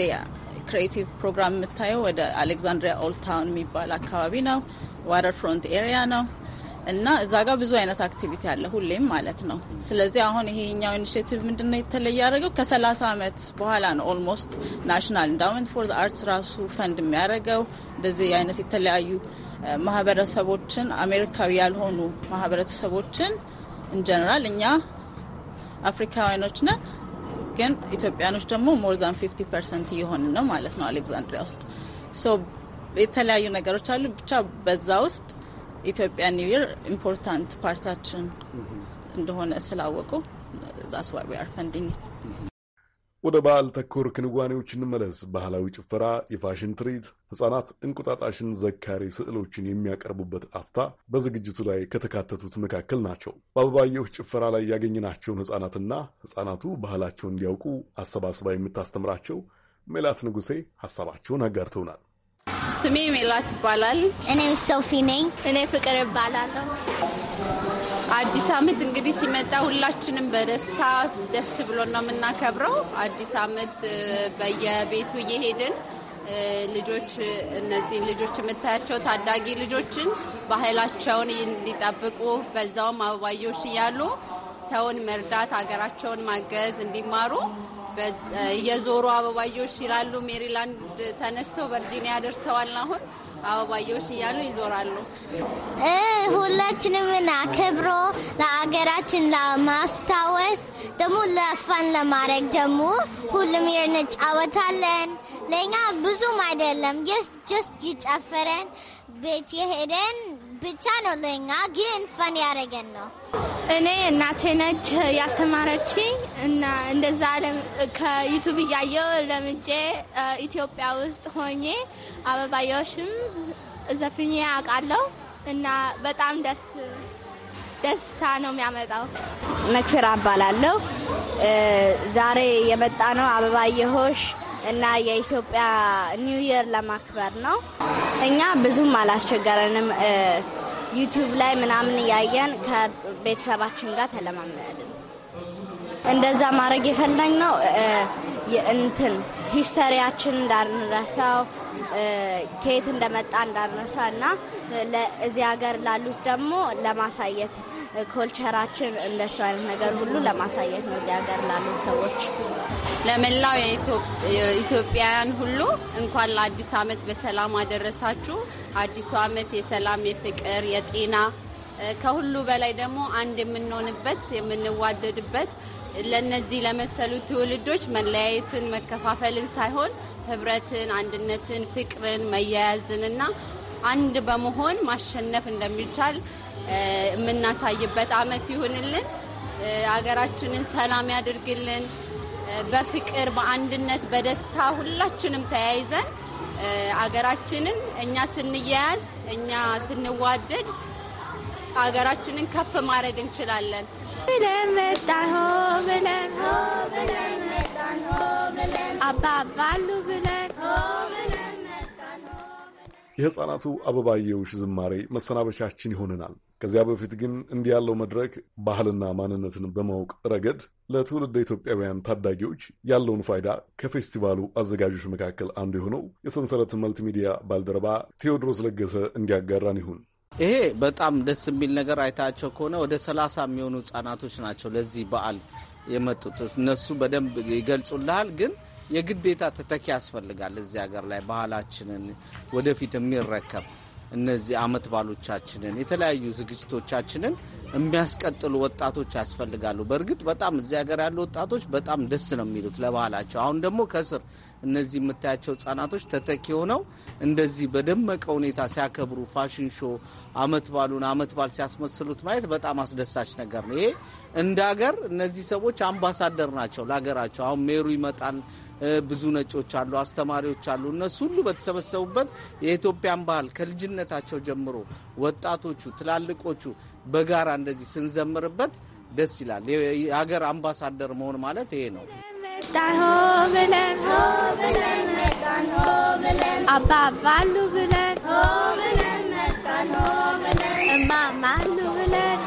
ክሬቲቭ ፕሮግራም የምታየው ወደ አሌክዛንድሪያ ኦልድ ታውን የሚባል አካባቢ ነው፣ ዋተር ፍሮንት ኤሪያ ነው። እና እዛ ጋር ብዙ አይነት አክቲቪቲ አለ ሁሌም ማለት ነው። ስለዚህ አሁን ይሄኛው ኢኒሽቲቭ ምንድነው የተለየ ያደረገው ከ30 ዓመት በኋላ ነው ኦልሞስት ናሽናል ኢንዳውመንት ፎር አርትስ ራሱ ፈንድ የሚያደርገው እንደዚህ አይነት የተለያዩ ማህበረሰቦችን አሜሪካዊ ያልሆኑ ማህበረሰቦችን እንጀነራል እኛ አፍሪካውያኖች ነን፣ ግን ኢትዮጵያኖች ደግሞ ሞር ዛን 50 ፐርሰንት እየሆን ነው ማለት ነው አሌክዛንድሪያ ውስጥ የተለያዩ ነገሮች አሉ ብቻ በዛ ውስጥ ኢትዮጵያ ኒውር ኢምፖርታንት ፓርታችን እንደሆነ ስላወቁ ዛስዋቢ ፈንድኝት ወደ በዓል ተኮር ክንዋኔዎች እንመለስ። ባህላዊ ጭፈራ፣ የፋሽን ትርኢት፣ ሕፃናት እንቁጣጣሽን ዘካሪ ስዕሎችን የሚያቀርቡበት አፍታ በዝግጅቱ ላይ ከተካተቱት መካከል ናቸው። በአበባየሁ ጭፈራ ላይ ያገኘናቸውን ሕፃናትና ሕፃናቱ ባህላቸውን እንዲያውቁ አሰባስባ የምታስተምራቸው ሜላት ንጉሴ ሀሳባቸውን አጋርተውናል። ስሜ ሜላት ይባላል። እኔ ሶፊ ነኝ። እኔ ፍቅር ይባላለሁ። አዲስ አመት እንግዲህ ሲመጣ ሁላችንም በደስታ ደስ ብሎ ነው የምናከብረው። አዲስ አመት በየቤቱ እየሄድን ልጆች እነዚህ ልጆች የምታያቸው ታዳጊ ልጆችን ባህላቸውን እንዲጠብቁ በዛውም አበባዮሽ እያሉ ሰውን መርዳት፣ ሀገራቸውን ማገዝ እንዲማሩ እየዞሩ አበባዮሽ ይላሉ። ሜሪላንድ ተነስተው ቨርጂኒያ ደርሰዋል። አሁን አበባዮሽ እያሉ ይዞራሉ። ሁላችንም ክብሮ ለአገራችን ለማስታወስ ደግሞ ለፋን ለማድረግ ደግሞ ሁሉም እንጫወታለን። ለእኛ ብዙም አይደለም ጀስት ይጨፈረን ቤት የሄደን ብቻ ነው ለኛ ግን ፈን ያደረገን ነው። እኔ እናቴ ነች ያስተማረች እና እንደዛ ከዩቱብ እያየው ለምጄ ኢትዮጵያ ውስጥ ሆኜ አበባዮሽም ዘፍኜ አውቃለሁ እና በጣም ደስ ደስታ ነው የሚያመጣው። መክፍር አባላለሁ። ዛሬ የመጣ ነው የሆሽ እና የኢትዮጵያ ኒው ይር ለማክበር ነው። እኛ ብዙም አላስቸገረንም። ዩቲዩብ ላይ ምናምን እያየን ከቤተሰባችን ጋር ተለማመድን። እንደዛ ማድረግ የፈለግ ነው እንትን ሂስተሪያችን እንዳንረሳው ከየት እንደመጣ እንዳንረሳ እና እዚህ ሀገር ላሉት ደግሞ ለማሳየት ኮልቸራችን እንደሱ አይነት ነገር ሁሉ ለማሳየት ነው እዚህ ሀገር ላሉት ሰዎች። ለመላው ኢትዮጵያውያን ሁሉ እንኳን ለአዲስ አመት በሰላም አደረሳችሁ። አዲሱ አመት የሰላም፣ የፍቅር፣ የጤና ከሁሉ በላይ ደግሞ አንድ የምንሆንበት የምንዋደድበት ለነዚህ ለመሰሉ ትውልዶች መለያየትን መከፋፈልን ሳይሆን ህብረትን፣ አንድነትን፣ ፍቅርን፣ መያያዝንና አንድ በመሆን ማሸነፍ እንደሚቻል የምናሳይበት አመት ይሁንልን። አገራችንን ሰላም ያድርግልን። በፍቅር በአንድነት፣ በደስታ ሁላችንም ተያይዘን አገራችንን እኛ ስንያያዝ እኛ ስንዋደድ አገራችንን ከፍ ማድረግ እንችላለን። አባ አባሉ ብለን የሕፃናቱ አበባየውሽ ዝማሬ መሰናበቻችን ይሆነናል። ከዚያ በፊት ግን እንዲህ ያለው መድረክ ባህልና ማንነትን በማወቅ ረገድ ለትውልድ ኢትዮጵያውያን ታዳጊዎች ያለውን ፋይዳ ከፌስቲቫሉ አዘጋጆች መካከል አንዱ የሆነው የሰንሰለት መልቲሚዲያ ባልደረባ ቴዎድሮስ ለገሰ እንዲያጋራን ይሁን። ይሄ በጣም ደስ የሚል ነገር አይታቸው ከሆነ ወደ ሰላሳ የሚሆኑ ህጻናቶች ናቸው ለዚህ በዓል የመጡት። እነሱ በደንብ ይገልጹልሃል ግን የግዴታ ተተኪ ያስፈልጋል። እዚህ ሀገር ላይ ባህላችንን ወደፊት የሚረከብ እነዚህ አመት ባሎቻችንን የተለያዩ ዝግጅቶቻችንን የሚያስቀጥሉ ወጣቶች ያስፈልጋሉ። በእርግጥ በጣም እዚህ ሀገር ያሉ ወጣቶች በጣም ደስ ነው የሚሉት ለባህላቸው። አሁን ደግሞ ከስር እነዚህ የምታያቸው ህጻናቶች ተተኪ ሆነው እንደዚህ በደመቀ ሁኔታ ሲያከብሩ ፋሽን ሾ አመት ባሉን አመት ባል ሲያስመስሉት ማየት በጣም አስደሳች ነገር ነው። ይሄ እንደ ሀገር እነዚህ ሰዎች አምባሳደር ናቸው ለሀገራቸው። አሁን ሜሩ ይመጣል ብዙ ነጮች አሉ፣ አስተማሪዎች አሉ። እነሱ ሁሉ በተሰበሰቡበት የኢትዮጵያን ባህል ከልጅነታቸው ጀምሮ ወጣቶቹ፣ ትላልቆቹ በጋራ እንደዚህ ስንዘምርበት ደስ ይላል። የሀገር አምባሳደር መሆን ማለት ይሄ ነው። አባ ብለን እማማሉ ብለን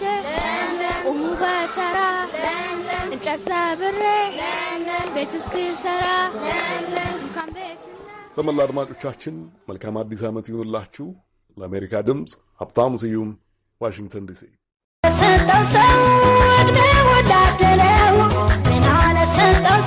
ገብቼ ቁሙ በተራ እንጨት ሰብሬ ቤት እስክሰራ እንኳን ቤት በመላ አድማጮቻችን መልካም አዲስ ዓመት ይሁንላችሁ። ለአሜሪካ ድምፅ ሀብታሙ ስዩም ዋሽንግተን ዲሲ። ሰጠው ሰው ወዳደለው ምን አለ ሰጠው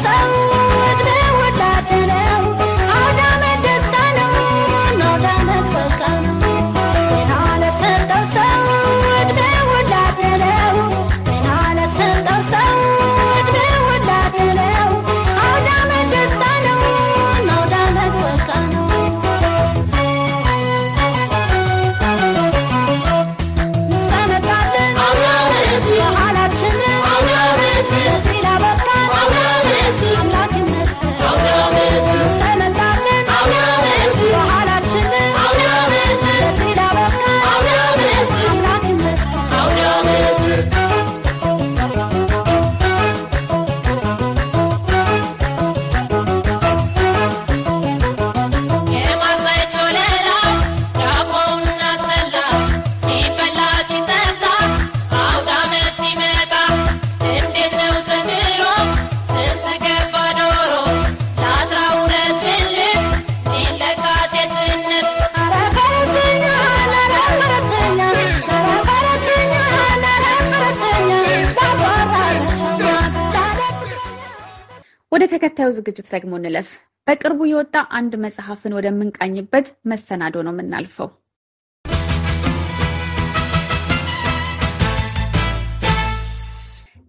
ደግሞ እንለፍ። በቅርቡ የወጣ አንድ መጽሐፍን ወደምንቃኝበት መሰናዶ ነው የምናልፈው።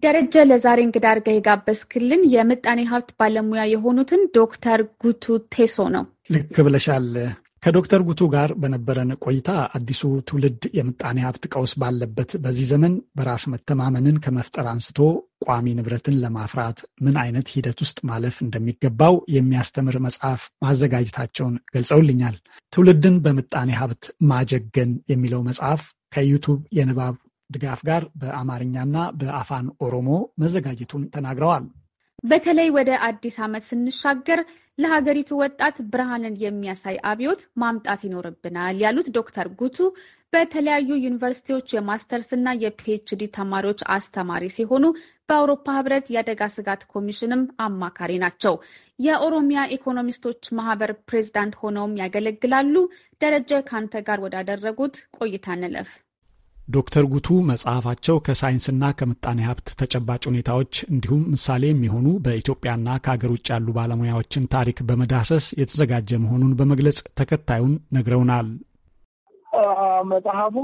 ደረጀ ለዛሬ እንግዳ አድርገህ የጋበዝክልን የምጣኔ ሀብት ባለሙያ የሆኑትን ዶክተር ጉቱ ቴሶ ነው። ልክ ብለሻል ከዶክተር ጉቱ ጋር በነበረን ቆይታ አዲሱ ትውልድ የምጣኔ ሀብት ቀውስ ባለበት በዚህ ዘመን በራስ መተማመንን ከመፍጠር አንስቶ ቋሚ ንብረትን ለማፍራት ምን አይነት ሂደት ውስጥ ማለፍ እንደሚገባው የሚያስተምር መጽሐፍ ማዘጋጀታቸውን ገልጸውልኛል። ትውልድን በምጣኔ ሀብት ማጀገን የሚለው መጽሐፍ ከዩቱብ የንባብ ድጋፍ ጋር በአማርኛና በአፋን ኦሮሞ መዘጋጀቱን ተናግረዋል። በተለይ ወደ አዲስ ዓመት ስንሻገር ለሀገሪቱ ወጣት ብርሃንን የሚያሳይ አብዮት ማምጣት ይኖርብናል ያሉት ዶክተር ጉቱ በተለያዩ ዩኒቨርሲቲዎች የማስተርስ እና የፒኤችዲ ተማሪዎች አስተማሪ ሲሆኑ በአውሮፓ ህብረት የአደጋ ስጋት ኮሚሽንም አማካሪ ናቸው። የኦሮሚያ ኢኮኖሚስቶች ማህበር ፕሬዝዳንት ሆነውም ያገለግላሉ። ደረጀ ካንተ ጋር ወዳደረጉት ቆይታ እንለፍ። ዶክተር ጉቱ መጽሐፋቸው ከሳይንስና ከምጣኔ ሀብት ተጨባጭ ሁኔታዎች እንዲሁም ምሳሌ የሚሆኑ በኢትዮጵያና ከሀገር ውጭ ያሉ ባለሙያዎችን ታሪክ በመዳሰስ የተዘጋጀ መሆኑን በመግለጽ ተከታዩን ነግረውናል። መጽሐፉ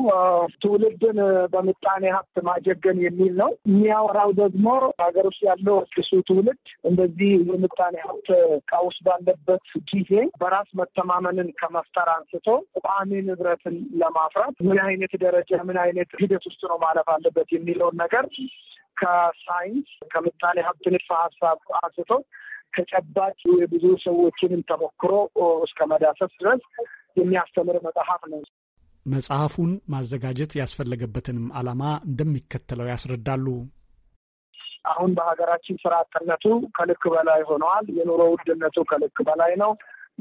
ትውልድን በምጣኔ ሀብት ማጀገን የሚል ነው። የሚያወራው ደግሞ ሀገር ውስጥ ያለው አዲሱ ትውልድ እንደዚህ የምጣኔ ሀብት ቀውስ ባለበት ጊዜ በራስ መተማመንን ከመፍጠር አንስቶ ቋሚ ንብረትን ለማፍራት ምን አይነት ደረጃ ምን አይነት ሂደት ውስጥ ነው ማለፍ አለበት የሚለውን ነገር ከሳይንስ ከምጣኔ ሀብት ንድፈ ሀሳብ አንስቶ ተጨባጭ የብዙ ሰዎችንም ተሞክሮ እስከ መዳሰስ ድረስ የሚያስተምር መጽሐፍ ነው። መጽሐፉን ማዘጋጀት ያስፈለገበትንም ዓላማ እንደሚከተለው ያስረዳሉ። አሁን በሀገራችን ስራ አጥነቱ ከልክ በላይ ሆነዋል። የኑሮ ውድነቱ ከልክ በላይ ነው።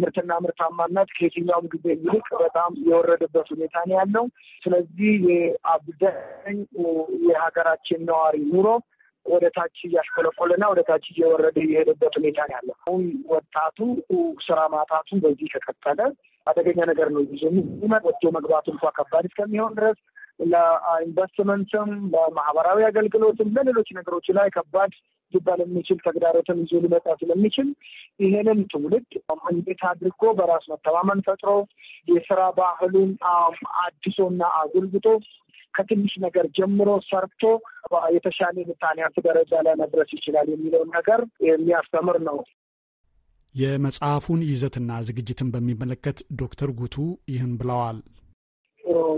ምርትና ምርታማነት ከየትኛውም ጊዜ ይልቅ በጣም የወረደበት ሁኔታ ነው ያለው። ስለዚህ የአብዛኝ የሀገራችን ነዋሪ ኑሮ ወደ ታች እያሽቆለቆለና ወደ ታች እየወረደ የሄደበት ሁኔታ ነው ያለው። አሁን ወጣቱ ስራ ማጣቱ በዚህ ከቀጠለ አደገኛ ነገር ነው ይዞ ወጥቶ መግባቱ እንኳ ከባድ እስከሚሆን ድረስ ለኢንቨስትመንትም ለማህበራዊ አገልግሎትም ለሌሎች ነገሮች ላይ ከባድ ሊባል የሚችል ተግዳሮትን ይዞ ሊመጣ ስለሚችል ይሄንን ትውልድ እንዴት አድርጎ በራስ መተማመን ፈጥሮ የስራ ባህሉን አድሶና አጎልብቶ ከትንሽ ነገር ጀምሮ ሰርቶ የተሻለ ምጣኔ ሀብት ደረጃ ላይ መድረስ ይችላል የሚለውን ነገር የሚያስተምር ነው። የመጽሐፉን ይዘትና ዝግጅትን በሚመለከት ዶክተር ጉቱ ይህን ብለዋል።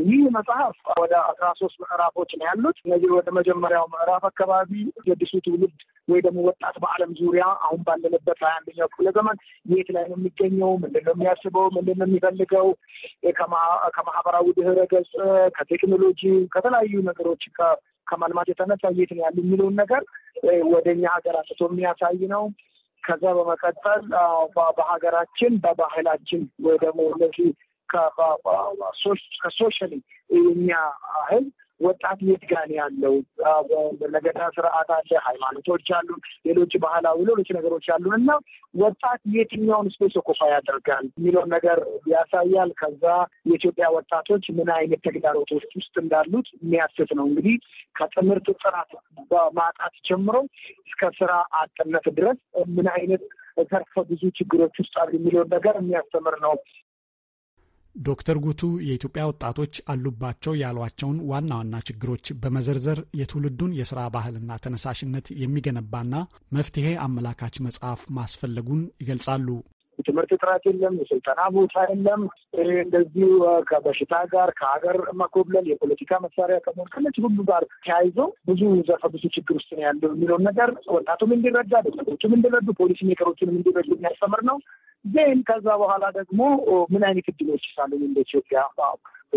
ይህ መጽሐፍ ወደ አስራ ሶስት ምዕራፎች ነው ያሉት። እነዚህ ወደ መጀመሪያው ምዕራፍ አካባቢ የአዲሱ ትውልድ ወይ ደግሞ ወጣት በዓለም ዙሪያ አሁን ባለንበት ሀያ አንደኛው ክፍለ ዘመን የት ላይ ነው የሚገኘው? ምንድን ነው የሚያስበው? ምንድን ነው የሚፈልገው? ከማህበራዊ ድህረ ገጽ፣ ከቴክኖሎጂ፣ ከተለያዩ ነገሮች ከማልማት የተነሳ የት ነው ያሉ የሚለውን ነገር ወደ እኛ ሀገር አንስቶ የሚያሳይ ነው። ከዛ በመቀጠል በሀገራችን በባህላችን ወይ ደግሞ እነዚህ ከሶሻሊ የኛ ህዝብ ወጣት የት ጋር ያለው መለገዳ ስርዓት አለ፣ ሃይማኖቶች አሉ፣ ሌሎች ባህላዊ ሌሎች ነገሮች አሉ እና ወጣት የትኛውን ስፔስ ኦኮፓ ያደርጋል የሚለውን ነገር ያሳያል። ከዛ የኢትዮጵያ ወጣቶች ምን አይነት ተግዳሮቶች ውስጥ እንዳሉት የሚያስት ነው። እንግዲህ ከትምህርት ጥራት በማጣት ጀምሮ እስከ ስራ አጥነት ድረስ ምን አይነት ዘርፈ ብዙ ችግሮች ውስጥ አሉ የሚለውን ነገር የሚያስተምር ነው ዶክተር ጉቱ የኢትዮጵያ ወጣቶች አሉባቸው ያሏቸውን ዋና ዋና ችግሮች በመዘርዘር የትውልዱን የሥራ ባህልና ተነሳሽነት የሚገነባና መፍትሔ አመላካች መጽሐፍ ማስፈለጉን ይገልጻሉ። የትምህርት ጥራት የለም፣ የስልጠና ቦታ የለም። እንደዚሁ ከበሽታ ጋር ከሀገር መኮብለል የፖለቲካ መሳሪያ ከመሆን ከነዚህ ሁሉ ጋር ተያይዞ ብዙ ዘርፈ ብዙ ችግር ውስጥ ነው ያለው የሚለውን ነገር ወጣቱም እንዲረዳ፣ ቤተሰቦችም እንዲረዱ፣ ፖሊሲ ሜከሮችንም እንዲረዱ የሚያስተምር ነው። ዜን ከዛ በኋላ ደግሞ ምን አይነት እድሎች ሳሉ እንደ ኢትዮጵያ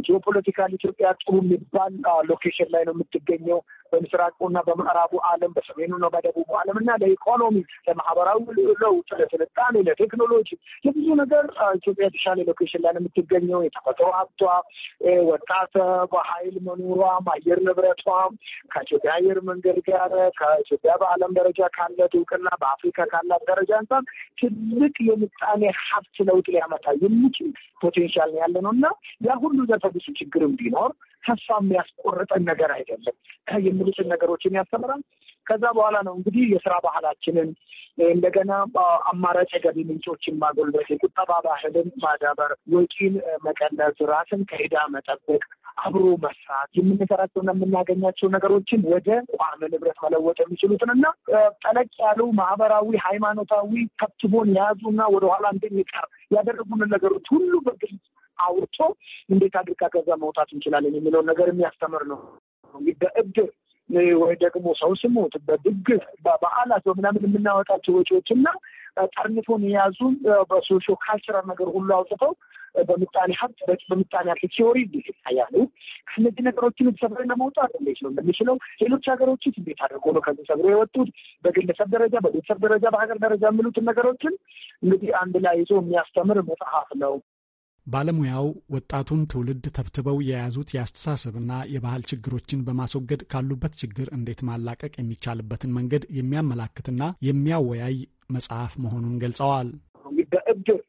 ጂኦፖለቲካል ኢትዮጵያ ጥሩ የሚባል ሎኬሽን ላይ ነው የምትገኘው። እና በምዕራቡ ዓለም በሰሜኑና በደቡቡ ዓለም እና ለኢኮኖሚ፣ ለማህበራዊ ለውጥ፣ ለስልጣኔ፣ ለቴክኖሎጂ፣ ለብዙ ነገር ኢትዮጵያ የተሻለ ሎኬሽን ላይ ነው የምትገኘው። የተፈጥሮ ሀብቷ፣ ወጣት በሀይል መኖሯ፣ አየር ንብረቷ ከኢትዮጵያ አየር መንገድ ጋር ከኢትዮጵያ በዓለም ደረጃ ካለት እውቅና በአፍሪካ ካላት ደረጃ አንጻር ትልቅ የምጣኔ ሀብት ለውጥ ሊያመጣ የሚችል ፖቴንሻል ነው ያለ ነው እና ያ ሁሉ ዘርፈ ብዙ ችግርም ቢኖር ተስፋ የሚያስቆርጠን ነገር አይደለም። የምሉትን ነገሮችን ያስተምራል። ከዛ በኋላ ነው እንግዲህ የስራ ባህላችንን እንደገና አማራጭ የገቢ ምንጮችን ማጎልበት፣ የቁጠባ ባህልን ማዳበር፣ ወጪን መቀነስ፣ ራስን ከሄዳ መጠበቅ፣ አብሮ መስራት፣ የምንሰራቸውና የምናገኛቸው ነገሮችን ወደ ቋሚ ንብረት መለወጥ የሚችሉትን እና ጠለቅ ያሉ ማህበራዊ፣ ሃይማኖታዊ ከብትቦን የያዙና ወደኋላ እንደሚቀር ያደረጉንን ነገሮች ሁሉ በግልጽ አውርቶ እንዴት አድርጋ ከዛ መውጣት እንችላለን የሚለውን ነገር የሚያስተምር ነው። በእድር ወይ ደግሞ ሰው ስሞት በድግፍ በበዓላት በምናምን የምናወጣቸው ወጪዎች እና ጠርንፎን የያዙን በሶሾ ካልቸራል ነገር ሁሉ አውጥተው በምጣኔ ሀብት በምጣኔ ሀብት ሲወሪ እንዴት ይታያሉ? ከነዚህ ነገሮችን ሰብረ ለመውጣት እንዴት ነው እንደሚችለው ሌሎች ሀገሮችስ እንዴት አድርጎ ነው ከዚህ ሰብረ የወጡት? በግለሰብ ደረጃ፣ በቤተሰብ ደረጃ፣ በሀገር ደረጃ የሚሉትን ነገሮችን እንግዲህ አንድ ላይ ይዞ የሚያስተምር መጽሐፍ ነው። ባለሙያው ወጣቱን ትውልድ ተብትበው የያዙት የአስተሳሰብና የባህል ችግሮችን በማስወገድ ካሉበት ችግር እንዴት ማላቀቅ የሚቻልበትን መንገድ የሚያመላክትና የሚያወያይ መጽሐፍ መሆኑን ገልጸዋል። በእድር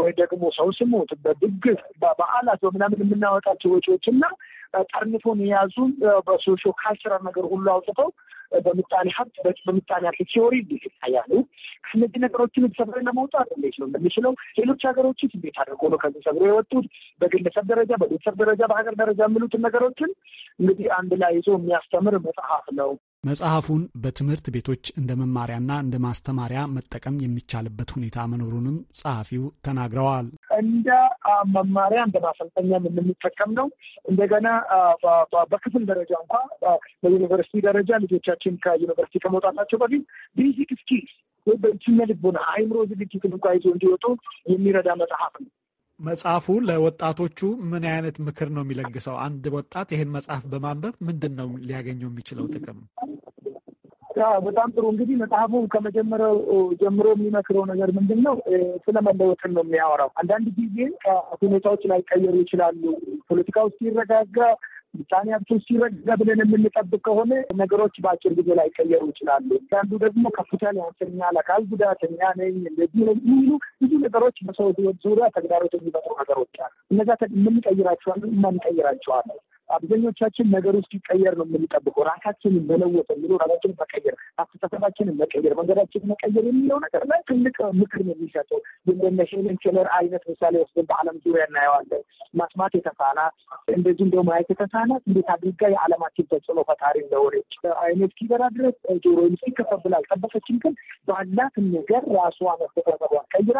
ወይ ደግሞ ሰው ስሙት በድግስ በበዓላት በምናምን የምናወጣቸው ወጪዎችና ጠርንፎን የያዙን በሶሾ ካልቸራል ነገር ሁሉ አውጥተው በምጣኔ ሀብት በምጣኔ ሀብት ሲወሪ ይታያሉ? ከነዚህ ነገሮችን ተሰብረን ለመውጣት እንዴት ነው እንደሚችለው ሌሎች ሀገሮችስ እንዴት አድርጎ ነው ከዚህ ሰብሮ የወጡት? በግለሰብ ደረጃ፣ በቤተሰብ ደረጃ፣ በሀገር ደረጃ የሚሉትን ነገሮችን እንግዲህ አንድ ላይ ይዞ የሚያስተምር መጽሐፍ ነው። መጽሐፉን በትምህርት ቤቶች እንደ መማሪያና እንደ ማስተማሪያ መጠቀም የሚቻልበት ሁኔታ መኖሩንም ጸሐፊው ተናግረዋል። እንደ መማሪያ እንደ ማሰልጠኛም የምንጠቀም ነው። እንደገና በክፍል ደረጃ እንኳ በዩኒቨርሲቲ ደረጃ ልጆቻችን ከዩኒቨርሲቲ ከመውጣታቸው በፊት ቤዚክ ስኪልስ ወይ በስነ ልቦና አይምሮ ዝግጅት እንኳ ይዞ እንዲወጡ የሚረዳ መጽሐፍ ነው። መጽሐፉ ለወጣቶቹ ምን አይነት ምክር ነው የሚለግሰው? አንድ ወጣት ይህን መጽሐፍ በማንበብ ምንድን ነው ሊያገኘው የሚችለው ጥቅም? በጣም ጥሩ እንግዲህ መጽሐፉ ከመጀመሪያው ጀምሮ የሚመክረው ነገር ምንድን ነው? ስለ መለወጥን ነው የሚያወራው። አንዳንድ ጊዜ ሁኔታዎች ላይቀየሩ ይችላሉ። ፖለቲካ ውስጥ ሲረጋጋ ብጣኔ ሀብቱ ሲረጋ ብለን የምንጠብቅ ከሆነ ነገሮች በአጭር ጊዜ ላይ ቀየሩ ይችላሉ። አንዳንዱ ደግሞ ከፍታ ሊያንሰኛል፣ አካል ጉዳተኛ ነኝ፣ እንደዚህ ነኝ የሚሉ ብዙ ነገሮች በሰው ህይወት ዙሪያ ተግዳሮት የሚፈጥሩ ነገሮች አሉ። እነዛ የምንቀይራቸዋለን፣ የማንቀይራቸዋለን አብዛኞቻችን ነገር ውስጥ ይቀየር ነው የምንጠብቀው። ራሳችንን መለወጥ የሚሉ ራሳችን መቀየር፣ አስተሳሰባችንን መቀየር፣ መንገዳችን መቀየር የሚለው ነገር ላይ ትልቅ ምክር ነው የሚሰጠው። እንደነ ሄለን ኬለር አይነት ምሳሌ ወስደን በዓለም ዙሪያ እናየዋለን። ማስማት የተሳናት እንደዚሁም ደግሞ ማየት የተሳናት እንዴት አድርጋ የዓለማችን ተጽዕኖ ፈጣሪ እንደሆነች አይነት ኪበራ ድረስ ጆሮ ይከፈብላል። አልጠበቀችም፣ ግን ባላት ነገር ራሷ መስተሳሰቧን ቀይራ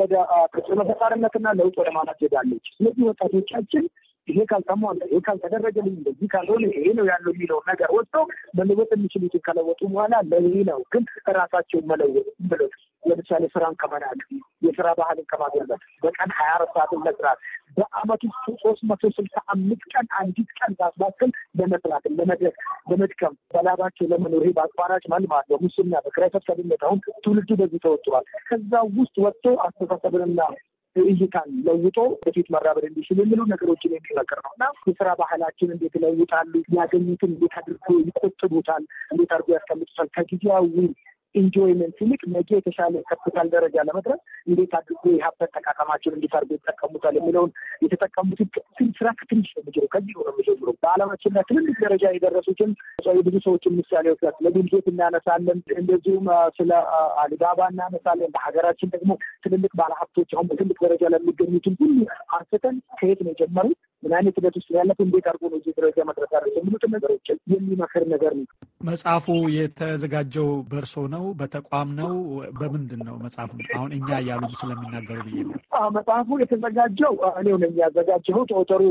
ወደ ተጽዕኖ ፈጣሪነትና ለውጥ ወደ ማለት ሄዳለች። ስለዚህ ወጣቶቻችን ይሄ ካልተሟላ ይሄ ካልተደረገልኝ እንደዚህ ካልሆነ ይሄ ነው ያለው የሚለውን ነገር ወጥቶ መለወጥ የሚችሉትን ከለወጡ በኋላ ለሌላው ግን ራሳቸውን መለወጥ ብሎት ለምሳሌ ስራን ከመናቅ የስራ ባህልን ከማጎልበት በቀን ሀያ አራት ሰዓት መስራት በአመት ውስጥ ሶስት መቶ ስልሳ አምስት ቀን አንዲት ቀን ባስባክል በመስራት ለመድረስ በመድከም በላባቸው ለመኖር ይሄ በአቋራጭ ነው ሙስና በክራይ ሰብሳቢነት አሁን ትውልዱ በዚህ ተወጥሯል። ከዛ ውስጥ ወጥቶ አስተሳሰብንና እይታን ለውጦ በፊት መራበር እንዲችሉ የሚሉ ነገሮችን የሚመክር ነው እና የስራ ባህላችን እንዴት ይለውጣሉ? ያገኙትን እንዴት አድርጎ ይቆጥቡታል? እንዴት አድርጎ ያስቀምጡታል? ከጊዜያዊ ኢንጆይመንት ይልቅ ነገ የተሻለ ከፍታል ደረጃ ለመድረስ እንዴት አድርጎ የሀብት አጠቃቀማቸውን እንዴት አድርጎ ይጠቀሙታል የሚለውን የተጠቀሙትን ስራ ከትንሽ ነው የሚጀሩ ከዚህ ነው የሚጀምሩ በዓለማችን ላይ ትልልቅ ደረጃ የደረሱትን ብዙ ሰዎችን ምሳሌ ወስዳት ለቢልጌት እናነሳለን። እንደዚሁም ስለ አሊባባ እናነሳለን። በሀገራችን ደግሞ ትልልቅ ባለሀብቶች አሁን በትልቅ ደረጃ ለሚገኙትን ሁሉ አንስተን ከየት ነው የጀመሩት ምን አይነት ሂደት ውስጥ ያለፉ እንዴት አድርጎ ነው እዚህ ደረጃ መድረስ አለ የሚሉትን ነገሮችን የሚመክር ነገር ነው። መጽሐፉ የተዘጋጀው በእርሶ ነው? በተቋም ነው? በምንድን ነው መጽሐፉ? አሁን እኛ እያሉ ስለሚናገሩ ብዬ ነው። መጽሐፉ የተዘጋጀው እኔው ነኝ የሚያዘጋጀሁት ኦተሩ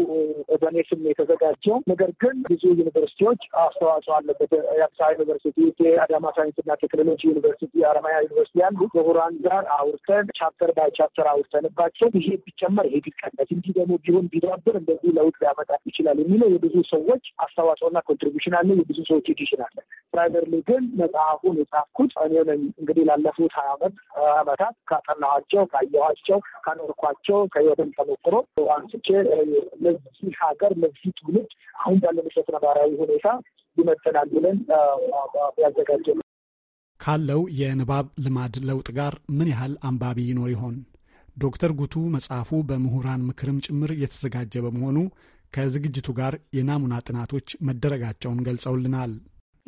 በእኔ ስም የተዘጋጀው ነገር ግን ብዙ ዩኒቨርሲቲዎች አስተዋጽኦ አለበት። የአዲስ አበባ ዩኒቨርሲቲ፣ የአዳማ ሳይንስና ቴክኖሎጂ ዩኒቨርሲቲ፣ የአረማያ ዩኒቨርሲቲ ያሉ ምሁራን ጋር አውርተን ቻፕተር ባይ ቻፕተር አውርተንባቸው ይሄ ቢጨመር ይሄ ቢቀነስ እንዲህ ደግሞ ቢሆን ቢዳብር እንደ ለውጥ ሊያመጣ ይችላል የሚለው የብዙ ሰዎች አስተዋጽኦና ኮንትሪቢሽን አለ፣ የብዙ ሰዎች ኤዲሽን አለ። ፕራይቨርሊ ግን መጽሐፉን የጻፍኩት እኔ ነኝ። እንግዲህ ላለፉት ሀያ አመት አመታት ካጠናኋቸው፣ ካየኋቸው፣ ካኖርኳቸው ከህይወትም ተሞክሮ አንስቼ ለዚህ ሀገር ለዚህ ትውልድ አሁን ባለንበት ነባራዊ ሁኔታ ይመጥናል ብለን ያዘጋጀ ካለው የንባብ ልማድ ለውጥ ጋር ምን ያህል አንባቢ ይኖር ይሆን? ዶክተር ጉቱ መጽሐፉ በምሁራን ምክርም ጭምር የተዘጋጀ በመሆኑ ከዝግጅቱ ጋር የናሙና ጥናቶች መደረጋቸውን ገልጸውልናል።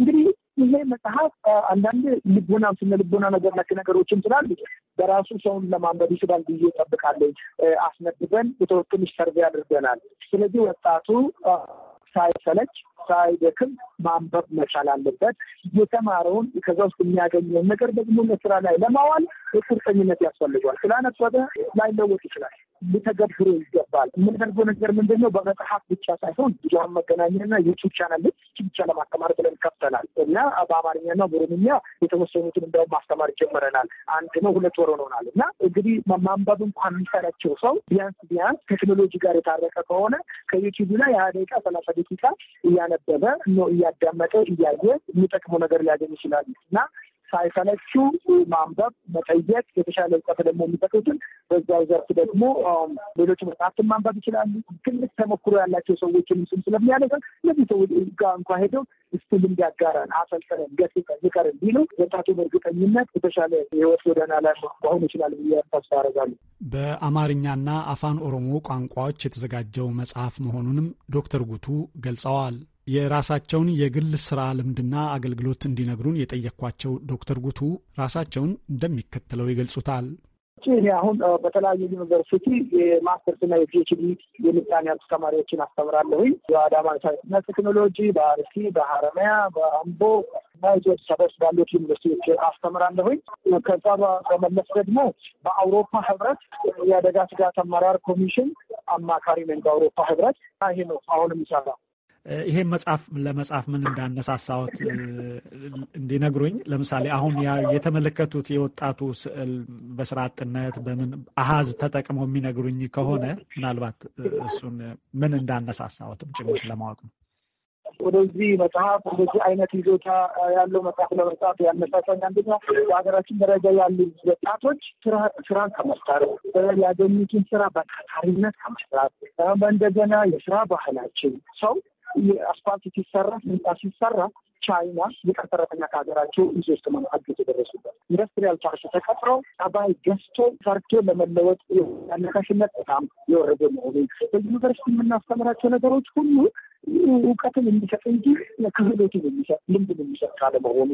እንግዲህ ይሄ መጽሐፍ አንዳንድ ልቦና ስነ ልቦና ነገር ነክ ነገሮችን ስላሉ በራሱ ሰውን ለማንበብ ይችላል ብዬ እጠብቃለሁ። አስነብበን ትንሽ ሰርቬ አድርገናል። ስለዚህ ወጣቱ ሳይሰለች ሳይደክም ማንበብ መቻል አለበት። የተማረውን ከዛ ውስጥ የሚያገኘውን ነገር ደግሞ ለስራ ላይ ለማዋል ቁርጠኝነት ያስፈልገዋል። ስላነበበ ላይለወጥ ይችላል። ሊተገብሩ ይገባል። የምንፈልገው ነገር ምንድን ነው? በመጽሐፍ ብቻ ሳይሆን ብዙሃን መገናኛና ዩቱብ ቻናል ላይ ብቻ ለማስተማር ብለን ከፍተናል እና በአማርኛና በኦሮምኛ የተወሰኑትን እንደውም ማስተማር ጀምረናል። አንድ ነው ሁለት ወር ሆኖናል እና እንግዲህ ማንበብ እንኳን የሚሰራቸው ሰው ቢያንስ ቢያንስ ቴክኖሎጂ ጋር የታረቀ ከሆነ ከዩቱብ ላይ ሀያ ደቂቃ ሰላሳ ደቂቃ እያነበበ ነው እያዳመጠ እያየ የሚጠቅመው ነገር ሊያገኝ ይችላል እና ሳይሰለቹ ማንበብ፣ መጠየቅ የተሻለ እውቀት ደግሞ የሚጠቅሙትን በዛው ዘርፍ ደግሞ ሌሎች መጽሐፍትን ማንበብ ይችላሉ። ትልቅ ተሞክሮ ያላቸው ሰዎችን ስም ስለሚያነሳ እነዚህ ሰዎች ጋር እንኳ ሄደው እስቲ ልምድ ያጋራን፣ አሰልጥነን፣ ገስጸን፣ ምከረን ቢሉ ወጣቱ በእርግጠኝነት የተሻለ ህይወት ጎዳና ላይ መሆን ይችላል ብዬ ተስፋ አደርጋለሁ። በአማርኛና አፋን ኦሮሞ ቋንቋዎች የተዘጋጀው መጽሐፍ መሆኑንም ዶክተር ጉቱ ገልጸዋል። የራሳቸውን የግል ስራ ልምድና አገልግሎት እንዲነግሩን የጠየኳቸው ዶክተር ጉቱ ራሳቸውን እንደሚከተለው ይገልጹታል። እኔ አሁን በተለያዩ ዩኒቨርሲቲ የማስተርስ የማስተርስና የፒኤችዲ የምጣኔ ሀብት ተማሪዎችን አስተምራለሁኝ። በአዳማ ሳይንስና ቴክኖሎጂ፣ በአርሲ፣ በሀረማያ፣ በአምቦ እና ኢትዮጵያ ሰበስ ባሉት ዩኒቨርሲቲዎች አስተምራለሁኝ። ከዛ በመለስ ደግሞ በአውሮፓ ህብረት የአደጋ ስጋት አመራር ኮሚሽን አማካሪ ነኝ። በአውሮፓ ህብረት ይሄ ነው አሁን የሚሰራው ይሄን መጽሐፍ ለመጻፍ ምን እንዳነሳሳዎት እንዲነግሩኝ። ለምሳሌ አሁን የተመለከቱት የወጣቱ ስዕል በስራ አጥነት በምን አሃዝ ተጠቅመው የሚነግሩኝ ከሆነ ምናልባት እሱን ምን እንዳነሳሳዎትም ጭምር ለማወቅ ነው። ወደዚህ መጽሐፍ እንደዚህ አይነት ይዞታ ያለው መጽሐፍ ለመጽሐፍ ያነሳሳኝ አንደኛ በሀገራችን ደረጃ ያሉ ወጣቶች ስራን ከመስራት ያገኙትን ስራ በታታሪነት ከመስራት በእንደገና የስራ ባህላችን ሰው አስፋልት ሲሰራ ህንፃ ሲሰራ ቻይና የቀጠረትና ከሀገራቸው ይዞ ውስጥ መማገዝ የደረሱበት ኢንዱስትሪያል ፓርክ ተቀጥሮ ጠባይ ገዝቶ ሰርቶ ለመለወጥ አነሳሽነት በጣም የወረደ መሆኑ በዩኒቨርሲቲ የምናስተምራቸው ነገሮች ሁሉ እውቀትን የሚሰጥ እንጂ ክህሎትን የሚሰጥ ልምድን የሚሰጥ ካለመሆኑ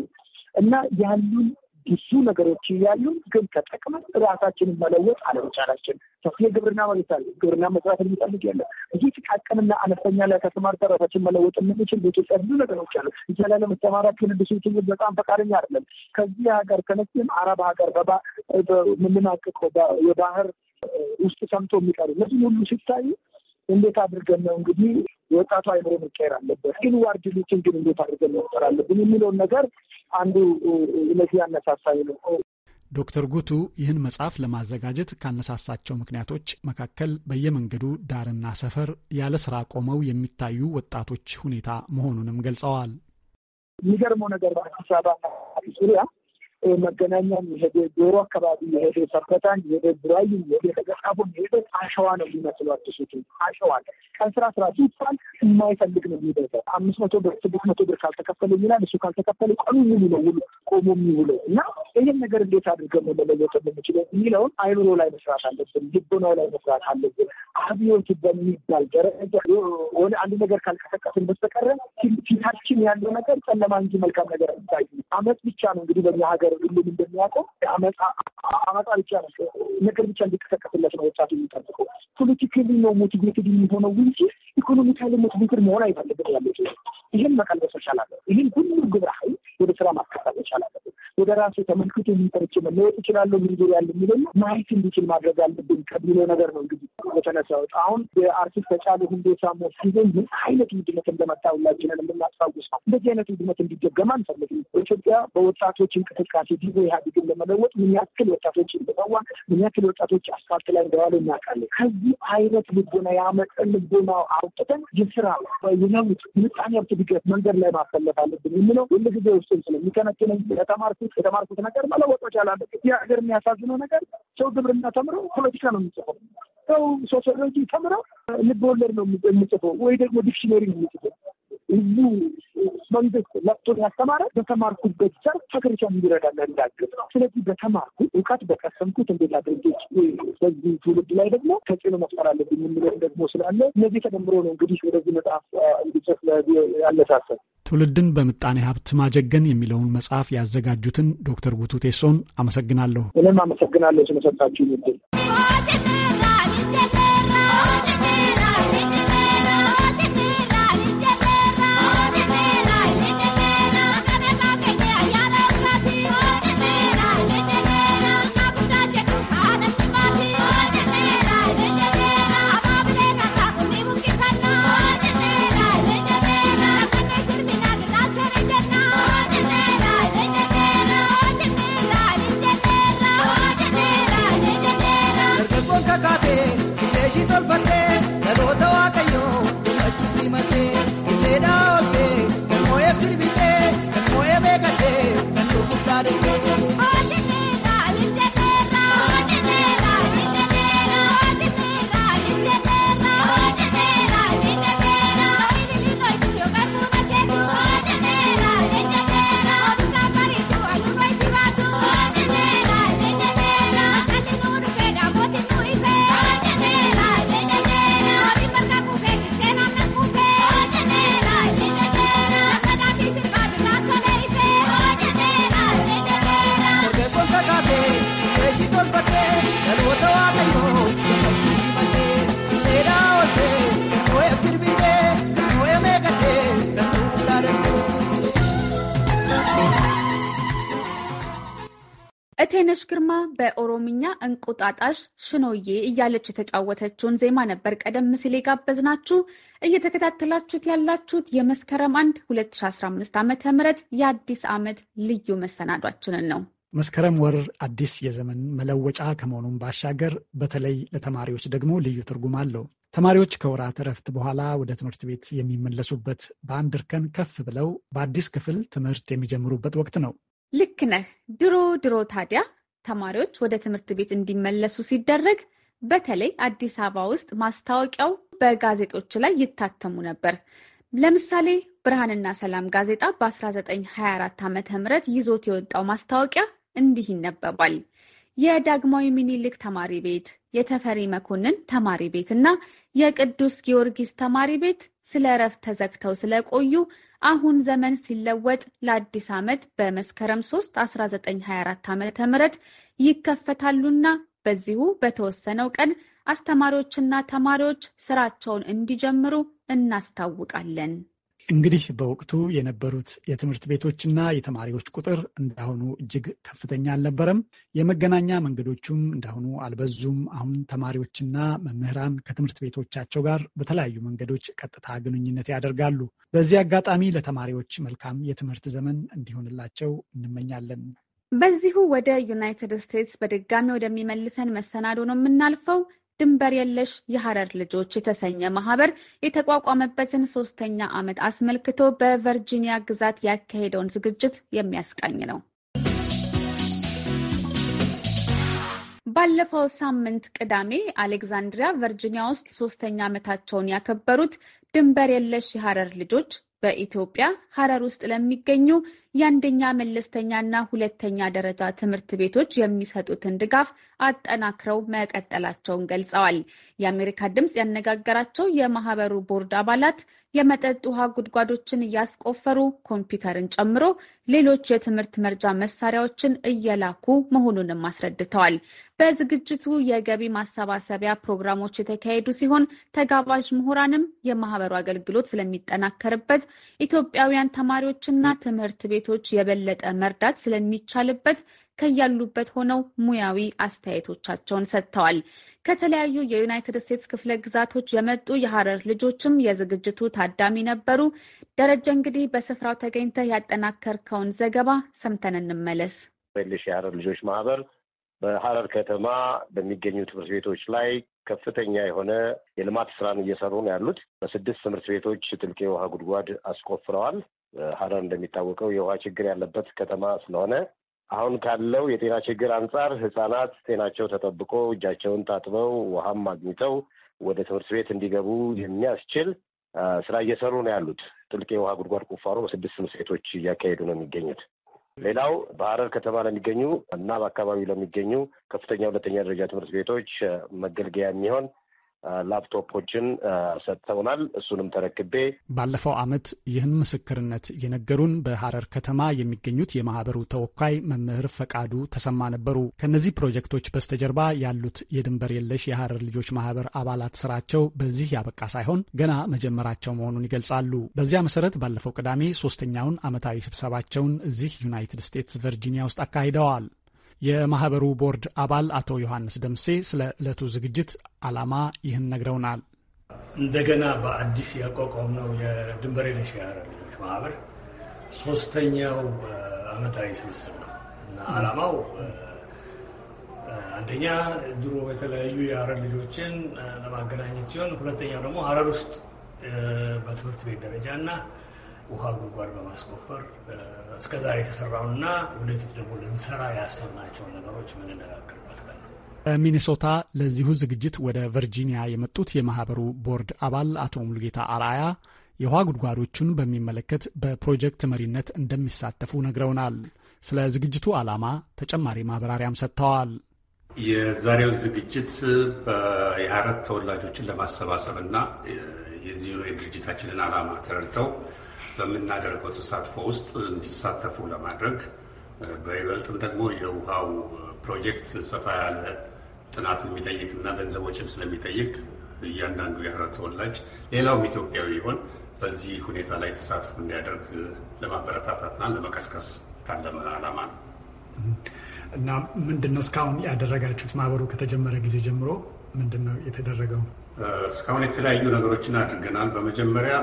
እና ያሉን ብዙ ነገሮች እያሉ ግን ተጠቅመን ራሳችንን መለወጥ አለመቻላችን ሰፊ የግብርና መሬት አለ። ግብርና መስራት የሚፈልግ ያለ ብዙ ጥቃቅንና አነስተኛ ላይ ከተማርተ ራሳችን መለወጥ የምንችል በኢትዮጵያ ብዙ ነገሮች አሉ። እዚያ ላይ ለመሰማራችን ብዙ ትምህርት በጣም ፈቃደኛ አይደለም። ከዚህ ሀገር ከነዚህም አረብ ሀገር የምናቅቀው የባህር ውስጥ ሰምቶ የሚቀሩ እነዚህ ሁሉ ሲታዩ እንዴት አድርገን ነው እንግዲህ የወጣቱ አይምሮ መቀየር አለበት። ኢንዋርድ ሉኪንግ ግን እንዴት አድርገን መቁጠር አለብን የሚለውን ነገር አንዱ ለዚህ አነሳሳይ ነው። ዶክተር ጉቱ ይህን መጽሐፍ ለማዘጋጀት ካነሳሳቸው ምክንያቶች መካከል በየመንገዱ ዳርና ሰፈር ያለ ስራ ቆመው የሚታዩ ወጣቶች ሁኔታ መሆኑንም ገልጸዋል። የሚገርመው ነገር በአዲስ አበባ ዙሪያ መገናኛ የሄደ ዶሮ አካባቢ የሄደ ሰበታን የሄደ ቡራዩ የሄደ ተገጣፎን የሄደ አሸዋ ነው የሚመስለው። አዲሶቹ አሸዋል ቀን ስራ ስራ ሲባል የማይፈልግ ነው የሚደርሰው። አምስት መቶ ብር ስድስት መቶ ብር ካልተከፈለ ይላል። እሱ ካልተከፈለ ቀኑ ሙሉ ነው ሙሉ ቆሞ የሚውለው እና ይህን ነገር እንዴት አድርገን ነው መለወጥ የምንችለው የሚለውን አይምሮ ላይ መስራት አለብን። ልቦናው ላይ መስራት አለብን። አብዮት በሚባል ደረጃ ሆነ አንድ ነገር ካልቀሰቀስን በስተቀረ ፊታችን ያለው ነገር ጨለማ እንጂ መልካም ነገር አይታይ። አመት ብቻ ነው እንግዲህ በእኛ ሀገር ሁሉም እንደሚያውቀው አመጣ ብቻ ነው ነገር ብቻ እንዲቀሰቀስለት ነው ወጣቱ የሚጠብቀው። ፖለቲካሊ ነው ሞቲቬትድ የሚሆነው እንጂ ኢኮኖሚካሊ ሞቲቬትድ መሆን አይፈልግም ያለ ይህን መቀልበስ ይቻላል። ይህን ሁሉም ግብረ ኃይል ወደ ስራ ማስቀጠል ይቻላል። ወደ ራሱ ተመልክቶ የሚጠርች መለወጥ ይችላለሁ ምንዙር ያለ የሚለው ማየት እንዲችል ማድረግ አለብን ከሚለው ነገር ነው እንግዲህ የተነሳሁት። አሁን የአርቲስት ተጫሉ ሁንዴሳ ሞት ጊዜ ምን አይነት ውድመት እንደመጣ ሁላችንን የምናስታውስ ነው። እንደዚህ አይነት ውድመት እንዲደገም አንፈልግም። በኢትዮጵያ በወጣቶች እንቅስቃሴ እንቅስቃሴ ጊዜ ኢህአዴግን ለመለወጥ ምን ያክል ወጣቶች እንደተዋ ምን ያክል ወጣቶች አስፋልት ላይ እንደዋሉ እናውቃለን። ከዚህ አይነት ልቦና ያመጠን ልቦና አውጥተን የስራ የለውጥ ምጣኔ ሀብት ድገት መንገድ ላይ ማሰለፍ አለብን የምለው ሁል ጊዜ ውስጥ ስለሚከነክነኝ የተማርኩት የተማርኩት ነገር መለወጥ ይቻላለ። የሀገር የሚያሳዝነው ነገር ሰው ግብርና ተምሮ ፖለቲካ ነው የሚጽፈው ሰው ሶሲዮሎጂ ተምረው ልብ ወለድ ነው የሚጽፈው ወይ ደግሞ ዲክሽነሪ ነው የሚጽፈው እዚ መንግስት መጥቶን ያስተማረ በተማርኩበት ዘር ሀገሪቷን እንዲረዳና እንዳግዝ ነው። ስለዚህ በተማርኩ እውቀት በቀሰምኩት እንዴት አድርጌች በዚህ ትውልድ ላይ ደግሞ ተጽዕኖ መፍጠር አለብኝ የምለው ደግሞ ስላለ እነዚህ ተደምሮ ነው እንግዲህ ወደዚህ መጽሐፍ እንዲጽፍ ያነሳሰል። ትውልድን በምጣኔ ሀብት ማጀገን የሚለውን መጽሐፍ ያዘጋጁትን ዶክተር ጉቱ ቴሶን አመሰግናለሁ። እኔም አመሰግናለሁ ስለሰጣችሁ ይድል እንቁጣጣሽ ሽኖዬ እያለች የተጫወተችውን ዜማ ነበር ቀደም ሲል የጋበዝናችሁ። እየተከታተላችሁት ያላችሁት የመስከረም አንድ 2015 ዓ.ም የአዲስ ዓመት ልዩ መሰናዷችንን ነው። መስከረም ወር አዲስ የዘመን መለወጫ ከመሆኑም ባሻገር በተለይ ለተማሪዎች ደግሞ ልዩ ትርጉም አለው። ተማሪዎች ከወራት እረፍት በኋላ ወደ ትምህርት ቤት የሚመለሱበት በአንድ እርከን ከፍ ብለው በአዲስ ክፍል ትምህርት የሚጀምሩበት ወቅት ነው። ልክ ነህ። ድሮ ድሮ ታዲያ ተማሪዎች ወደ ትምህርት ቤት እንዲመለሱ ሲደረግ በተለይ አዲስ አበባ ውስጥ ማስታወቂያው በጋዜጦች ላይ ይታተሙ ነበር። ለምሳሌ ብርሃንና ሰላም ጋዜጣ በ1924 ዓ ም ይዞት የወጣው ማስታወቂያ እንዲህ ይነበባል። የዳግማዊ ሚኒሊክ ተማሪ ቤት፣ የተፈሪ መኮንን ተማሪ ቤት እና የቅዱስ ጊዮርጊስ ተማሪ ቤት ስለ እረፍት ተዘግተው ስለቆዩ አሁን ዘመን ሲለወጥ ለአዲስ ዓመት በመስከረም 3 1924 ዓ ም ይከፈታሉና በዚሁ በተወሰነው ቀን አስተማሪዎችና ተማሪዎች ስራቸውን እንዲጀምሩ እናስታውቃለን። እንግዲህ በወቅቱ የነበሩት የትምህርት ቤቶችና የተማሪዎች ቁጥር እንዳሁኑ እጅግ ከፍተኛ አልነበረም። የመገናኛ መንገዶቹም እንዳሁኑ አልበዙም። አሁን ተማሪዎችና መምህራን ከትምህርት ቤቶቻቸው ጋር በተለያዩ መንገዶች ቀጥታ ግንኙነት ያደርጋሉ። በዚህ አጋጣሚ ለተማሪዎች መልካም የትምህርት ዘመን እንዲሆንላቸው እንመኛለን። በዚሁ ወደ ዩናይትድ ስቴትስ በድጋሚ ወደሚመልሰን መሰናዶ ነው የምናልፈው። ድንበር የለሽ የሐረር ልጆች የተሰኘ ማህበር የተቋቋመበትን ሶስተኛ ዓመት አስመልክቶ በቨርጂኒያ ግዛት ያካሄደውን ዝግጅት የሚያስቃኝ ነው። ባለፈው ሳምንት ቅዳሜ አሌክዛንድሪያ ቨርጂኒያ ውስጥ ሶስተኛ ዓመታቸውን ያከበሩት ድንበር የለሽ የሐረር ልጆች በኢትዮጵያ ሀረር ውስጥ ለሚገኙ የአንደኛ መለስተኛና ሁለተኛ ደረጃ ትምህርት ቤቶች የሚሰጡትን ድጋፍ አጠናክረው መቀጠላቸውን ገልጸዋል። የአሜሪካ ድምፅ ያነጋገራቸው የማህበሩ ቦርድ አባላት የመጠጥ ውሃ ጉድጓዶችን እያስቆፈሩ ኮምፒውተርን ጨምሮ ሌሎች የትምህርት መርጃ መሳሪያዎችን እየላኩ መሆኑንም አስረድተዋል። በዝግጅቱ የገቢ ማሰባሰቢያ ፕሮግራሞች የተካሄዱ ሲሆን ተጋባዥ ምሁራንም የማህበሩ አገልግሎት ስለሚጠናከርበት፣ ኢትዮጵያውያን ተማሪዎችና ትምህርት ቤቶች የበለጠ መርዳት ስለሚቻልበት ከያሉበት ሆነው ሙያዊ አስተያየቶቻቸውን ሰጥተዋል። ከተለያዩ የዩናይትድ ስቴትስ ክፍለ ግዛቶች የመጡ የሀረር ልጆችም የዝግጅቱ ታዳሚ ነበሩ። ደረጀ፣ እንግዲህ በስፍራው ተገኝተህ ያጠናከርከውን ዘገባ ሰምተን እንመለስ። ሌሽ የሀረር ልጆች ማህበር በሀረር ከተማ በሚገኙ ትምህርት ቤቶች ላይ ከፍተኛ የሆነ የልማት ስራን እየሰሩ ነው ያሉት። በስድስት ትምህርት ቤቶች ጥልቅ የውሃ ጉድጓድ አስቆፍረዋል። ሀረር እንደሚታወቀው የውሃ ችግር ያለበት ከተማ ስለሆነ አሁን ካለው የጤና ችግር አንጻር ህጻናት ጤናቸው ተጠብቆ እጃቸውን ታጥበው ውሃም አግኝተው ወደ ትምህርት ቤት እንዲገቡ የሚያስችል ስራ እየሰሩ ነው ያሉት። ጥልቅ የውሃ ጉድጓድ ቁፋሮ በስድስት ትምህርት ቤቶች እያካሄዱ ነው የሚገኙት። ሌላው በሀረር ከተማ ለሚገኙ እና በአካባቢው ለሚገኙ ከፍተኛ ሁለተኛ ደረጃ ትምህርት ቤቶች መገልገያ የሚሆን ላፕቶፖችን ሰጥተውናል። እሱንም ተረክቤ ባለፈው ዓመት ይህን ምስክርነት የነገሩን በሐረር ከተማ የሚገኙት የማህበሩ ተወካይ መምህር ፈቃዱ ተሰማ ነበሩ። ከእነዚህ ፕሮጀክቶች በስተጀርባ ያሉት የድንበር የለሽ የሐረር ልጆች ማህበር አባላት ስራቸው በዚህ ያበቃ ሳይሆን ገና መጀመራቸው መሆኑን ይገልጻሉ። በዚያ መሰረት ባለፈው ቅዳሜ ሶስተኛውን ዓመታዊ ስብሰባቸውን እዚህ ዩናይትድ ስቴትስ ቨርጂኒያ ውስጥ አካሂደዋል። የማህበሩ ቦርድ አባል አቶ ዮሐንስ ደምሴ ስለ ዕለቱ ዝግጅት ዓላማ ይህን ነግረውናል። እንደገና በአዲስ ያቋቋምነው የድንበር የለሽ የሀረር ልጆች ማህበር ሶስተኛው ዓመታዊ ስብስብ ነው እና ዓላማው አንደኛ ድሮ የተለያዩ የሀረር ልጆችን ለማገናኘት ሲሆን፣ ሁለተኛው ደግሞ ሀረር ውስጥ በትምህርት ቤት ደረጃ እና ውሃ ጉድጓድ በማስቆፈር እስከዛሬ የተሰራውና ወደፊት ደግሞ ልንሰራ ያሰብናቸውን ነገሮች የምንነጋገርበት ቀን ሚኒሶታ ለዚሁ ዝግጅት ወደ ቨርጂኒያ የመጡት የማህበሩ ቦርድ አባል አቶ ሙሉጌታ አርአያ የውሃ ጉድጓዶቹን በሚመለከት በፕሮጀክት መሪነት እንደሚሳተፉ ነግረውናል። ስለ ዝግጅቱ ዓላማ ተጨማሪ ማብራሪያም ሰጥተዋል። የዛሬው ዝግጅት የሀረር ተወላጆችን ለማሰባሰብ እና የዚህ የድርጅታችንን ዓላማ ተረድተው በምናደርገው ተሳትፎ ውስጥ እንዲሳተፉ ለማድረግ በይበልጥም ደግሞ የውሃው ፕሮጀክት ሰፋ ያለ ጥናት የሚጠይቅ እና ገንዘቦችም ስለሚጠይቅ እያንዳንዱ የሀረር ተወላጅ ሌላውም ኢትዮጵያዊ ይሆን በዚህ ሁኔታ ላይ ተሳትፎ እንዲያደርግ ለማበረታታትና ለመቀስቀስ የታለመ ዓላማ ነው። እና ምንድን ነው እስካሁን ያደረጋችሁት? ማህበሩ ከተጀመረ ጊዜ ጀምሮ ምንድን ነው የተደረገው? እስካሁን የተለያዩ ነገሮችን አድርገናል። በመጀመሪያ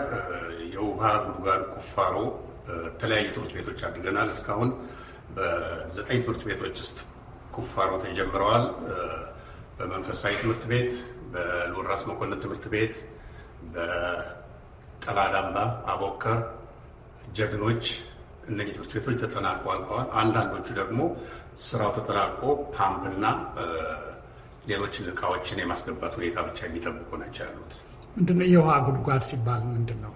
የውሃ ጉድጓድ ቁፋሮ ተለያዩ ትምህርት ቤቶች አድርገናል። እስካሁን በዘጠኝ ትምህርት ቤቶች ውስጥ ቁፋሮ ተጀምረዋል። በመንፈሳዊ ትምህርት ቤት፣ በልዑል ራስ መኮንን ትምህርት ቤት፣ በቀላዳምባ አቦከር፣ ጀግኖች እነዚህ ትምህርት ቤቶች ተጠናቀዋል። አንዳንዶቹ ደግሞ ስራው ተጠናቆ ፓምፕና ሌሎች እቃዎችን የማስገባት ሁኔታ ብቻ የሚጠብቁ ናቸው ያሉት። ምንድነው የውሃ ጉድጓድ ሲባል ምንድን ነው?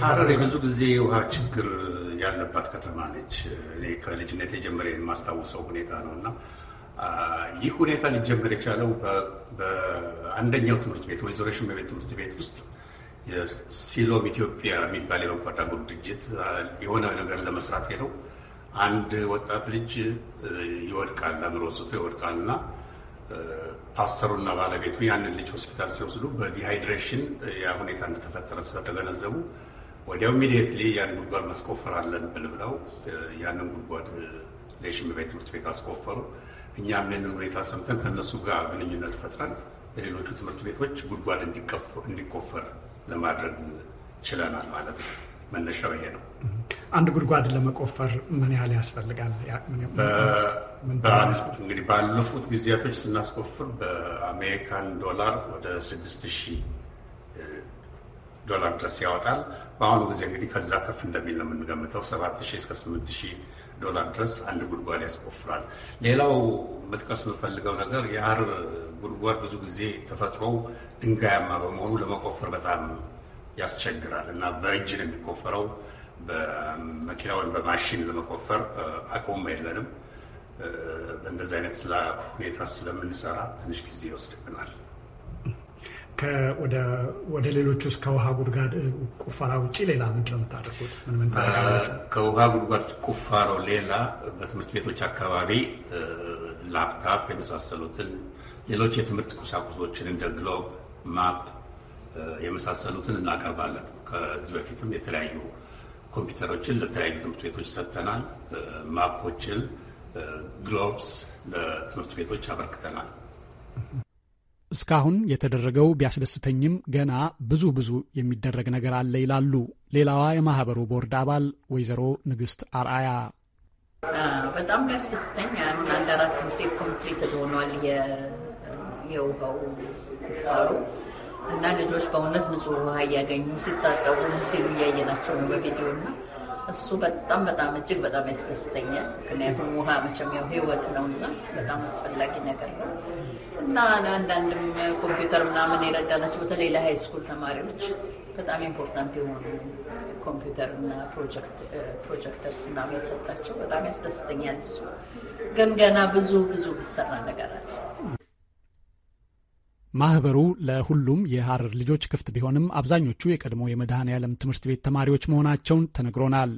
ሀረር የብዙ ጊዜ የውሃ ችግር ያለባት ከተማ ነች። እኔ ከልጅነት የጀመረ የማስታውሰው ሁኔታ ነው እና ይህ ሁኔታ ሊጀመር የቻለው በአንደኛው ትምህርት ቤት ወይዘሮ ሽመቤት ትምህርት ቤት ውስጥ ሲሎም ኢትዮጵያ የሚባል የበጎ አድራጎት ድርጅት የሆነ ነገር ለመስራት ሄደው አንድ ወጣት ልጅ ይወድቃል፣ አእምሮ ስቶ ይወድቃል እና ፓስተሩና ባለቤቱ ያንን ልጅ ሆስፒታል ሲወስዱ በዲሃይድሬሽን ያ ሁኔታ እንደተፈጠረ ስለተገነዘቡ ወዲያው ኢሚዲየትሊ ያን ጉድጓድ መስቆፈር አለን ብል ብለው ያንን ጉድጓድ ቤት ትምህርት ቤት አስቆፈሩ። እኛም ያንን ሁኔታ ሰምተን ከእነሱ ጋር ግንኙነት ፈጥረን የሌሎቹ ትምህርት ቤቶች ጉድጓድ እንዲቆፈር ለማድረግ ችለናል ማለት ነው። መነሻው ይሄ ነው። አንድ ጉድጓድ ለመቆፈር ምን ያህል ያስፈልጋል? እንግዲህ ባለፉት ጊዜያቶች ስናስቆፍር በአሜሪካን ዶላር ወደ ስድስት ዶላር ድረስ ያወጣል። በአሁኑ ጊዜ እንግዲህ ከዛ ከፍ እንደሚል ነው የምንገምተው። ሰባት እስከ ስምንት ዶላር ድረስ አንድ ጉድጓድ ያስቆፍራል። ሌላው መጥቀስ የምፈልገው ነገር የአር ጉድጓድ ብዙ ጊዜ ተፈጥሮው ድንጋያማ በመሆኑ ለመቆፈር በጣም ያስቸግራል እና በእጅ ነው የሚቆፈረው። ወይም በማሽን ለመቆፈር አቅሙም የለንም። በእንደዚህ አይነት ስለ ሁኔታ ስለምንሰራ ትንሽ ጊዜ ይወስድብናል። ወደ ሌሎች ውስጥ ከውሃ ጉድጓድ ቁፋራ ውጭ ሌላ ምንድን ነው የምታደርጉት? ከውሃ ጉድጓድ ቁፋሮ ሌላ በትምህርት ቤቶች አካባቢ ላፕታፕ የመሳሰሉትን ሌሎች የትምህርት ቁሳቁሶችን እንደ ግሎብ፣ ማፕ የመሳሰሉትን እናቀርባለን። ከዚህ በፊትም የተለያዩ ኮምፒውተሮችን ለተለያዩ ትምህርት ቤቶች ሰጥተናል። ማፖችን፣ ግሎብስ ለትምህርት ቤቶች አበርክተናል። እስካሁን የተደረገው ቢያስደስተኝም ገና ብዙ ብዙ የሚደረግ ነገር አለ ይላሉ ሌላዋ የማህበሩ ቦርድ አባል ወይዘሮ ንግስት አርአያ። በጣም ቢያስደስተኝ አሁን አንድ አራት ትምህርት ቤት ኮምፕሊት ሆኗል። የውሃው ቁፋሮ እና ልጆች በእውነት ንጹህ ውሃ እያገኙ ሲታጠቡ ሲሉ እያየናቸው ነው በቪዲዮ እና እሱ በጣም በጣም እጅግ በጣም ያስደስተኛል። ምክንያቱም ውሃ መቼም ያው ህይወት ነው እና በጣም አስፈላጊ ነገር ነው እና አንዳንድም ኮምፒውተር ምናምን የረዳናቸው በተለይ ለሀይ ስኩል ተማሪዎች በጣም ኢምፖርታንት የሆኑ ኮምፒውተር እና ፕሮጀክተርስ ምናምን የሰጣቸው በጣም ያስደስተኛል። እሱ ግን ገና ብዙ ብዙ ብሰራ ነገር አለ። ማህበሩ ለሁሉም የሐረር ልጆች ክፍት ቢሆንም አብዛኞቹ የቀድሞ የመድኃኔ ዓለም ትምህርት ቤት ተማሪዎች መሆናቸውን ተነግሮናል።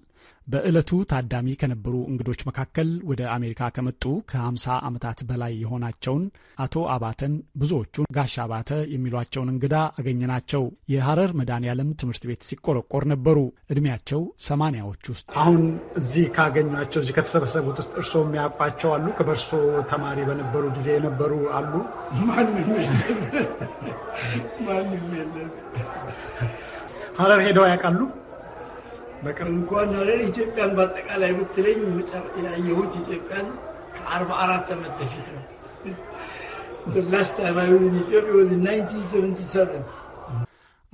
በዕለቱ ታዳሚ ከነበሩ እንግዶች መካከል ወደ አሜሪካ ከመጡ ከ50 ዓመታት በላይ የሆናቸውን አቶ አባተን ብዙዎቹን ጋሽ አባተ የሚሏቸውን እንግዳ አገኘናቸው። የሐረር መድኃኔዓለም ትምህርት ቤት ሲቆረቆር ነበሩ። እድሜያቸው ሰማንያዎች ውስጥ። አሁን እዚህ ካገኟቸው እዚህ ከተሰበሰቡት ውስጥ እርስዎ የሚያውቋቸው አሉ? ከበርሶ ተማሪ በነበሩ ጊዜ የነበሩ አሉ? ማንም የለም። ማንም የለም። ሐረር ሄደው ያውቃሉ? በቅርብ እንኳን ያለን ኢትዮጵያን በአጠቃላይ ብትለኝ ያየሁት ኢትዮጵያን ከአርባ አራት ዓመት በፊት ነው።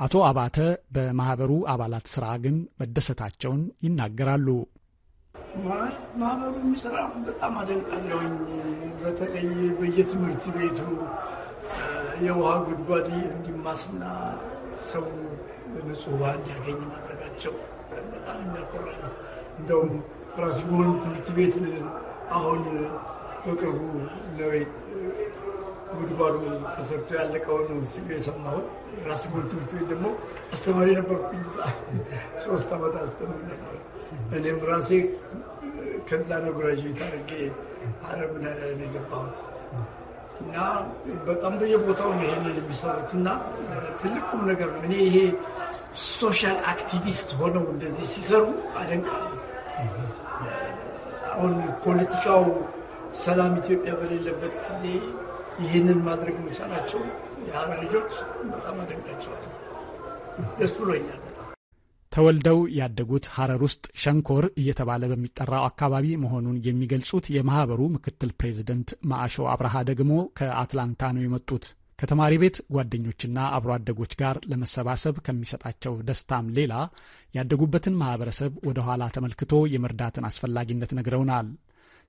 አቶ አባተ በማህበሩ አባላት ስራ ግን መደሰታቸውን ይናገራሉ። ማህበሩ የሚሰራ በጣም አደንቃለሁኝ። በተለይ በየትምህርት ቤቱ የውሃ ጉድጓድ እንዲማስና ሰው ንጹህ ውሃ እንዲያገኝ ማድረጋቸው በጣም የሚያኮራ እንደውም ራስ ትምህርት ቤት አሁን በቅርቡ ነው ጉድጓዱ ተሰርቶ ያለቀውን ሲሉ የሰማሁት። ራስ ትምህርት ቤት ደግሞ አስተማሪ ነበርኩኝ። ሶስት ዓመት አስተምር ነበር። እኔም ራሴ ከዛ ነው ግራጅቤት አድርጌ አረብ የገባሁት እና በጣም በየቦታው ነው ይሄንን የሚሰሩት እና ትልቁም ነገር ነው። እኔ ይሄ ሶሻል አክቲቪስት ሆነው እንደዚህ ሲሰሩ አደንቃሉ። አሁን ፖለቲካው ሰላም ኢትዮጵያ በሌለበት ጊዜ ይህንን ማድረግ መቻላቸው የሀረር ልጆች በጣም አደንቃቸዋል። ደስ ብሎኛል። ተወልደው ያደጉት ሀረር ውስጥ ሸንኮር እየተባለ በሚጠራው አካባቢ መሆኑን የሚገልጹት የማህበሩ ምክትል ፕሬዚደንት ማአሾ አብርሃ ደግሞ ከአትላንታ ነው የመጡት። ከተማሪ ቤት ጓደኞችና አብሮ አደጎች ጋር ለመሰባሰብ ከሚሰጣቸው ደስታም ሌላ ያደጉበትን ማህበረሰብ ወደ ኋላ ተመልክቶ የመርዳትን አስፈላጊነት ነግረውናል።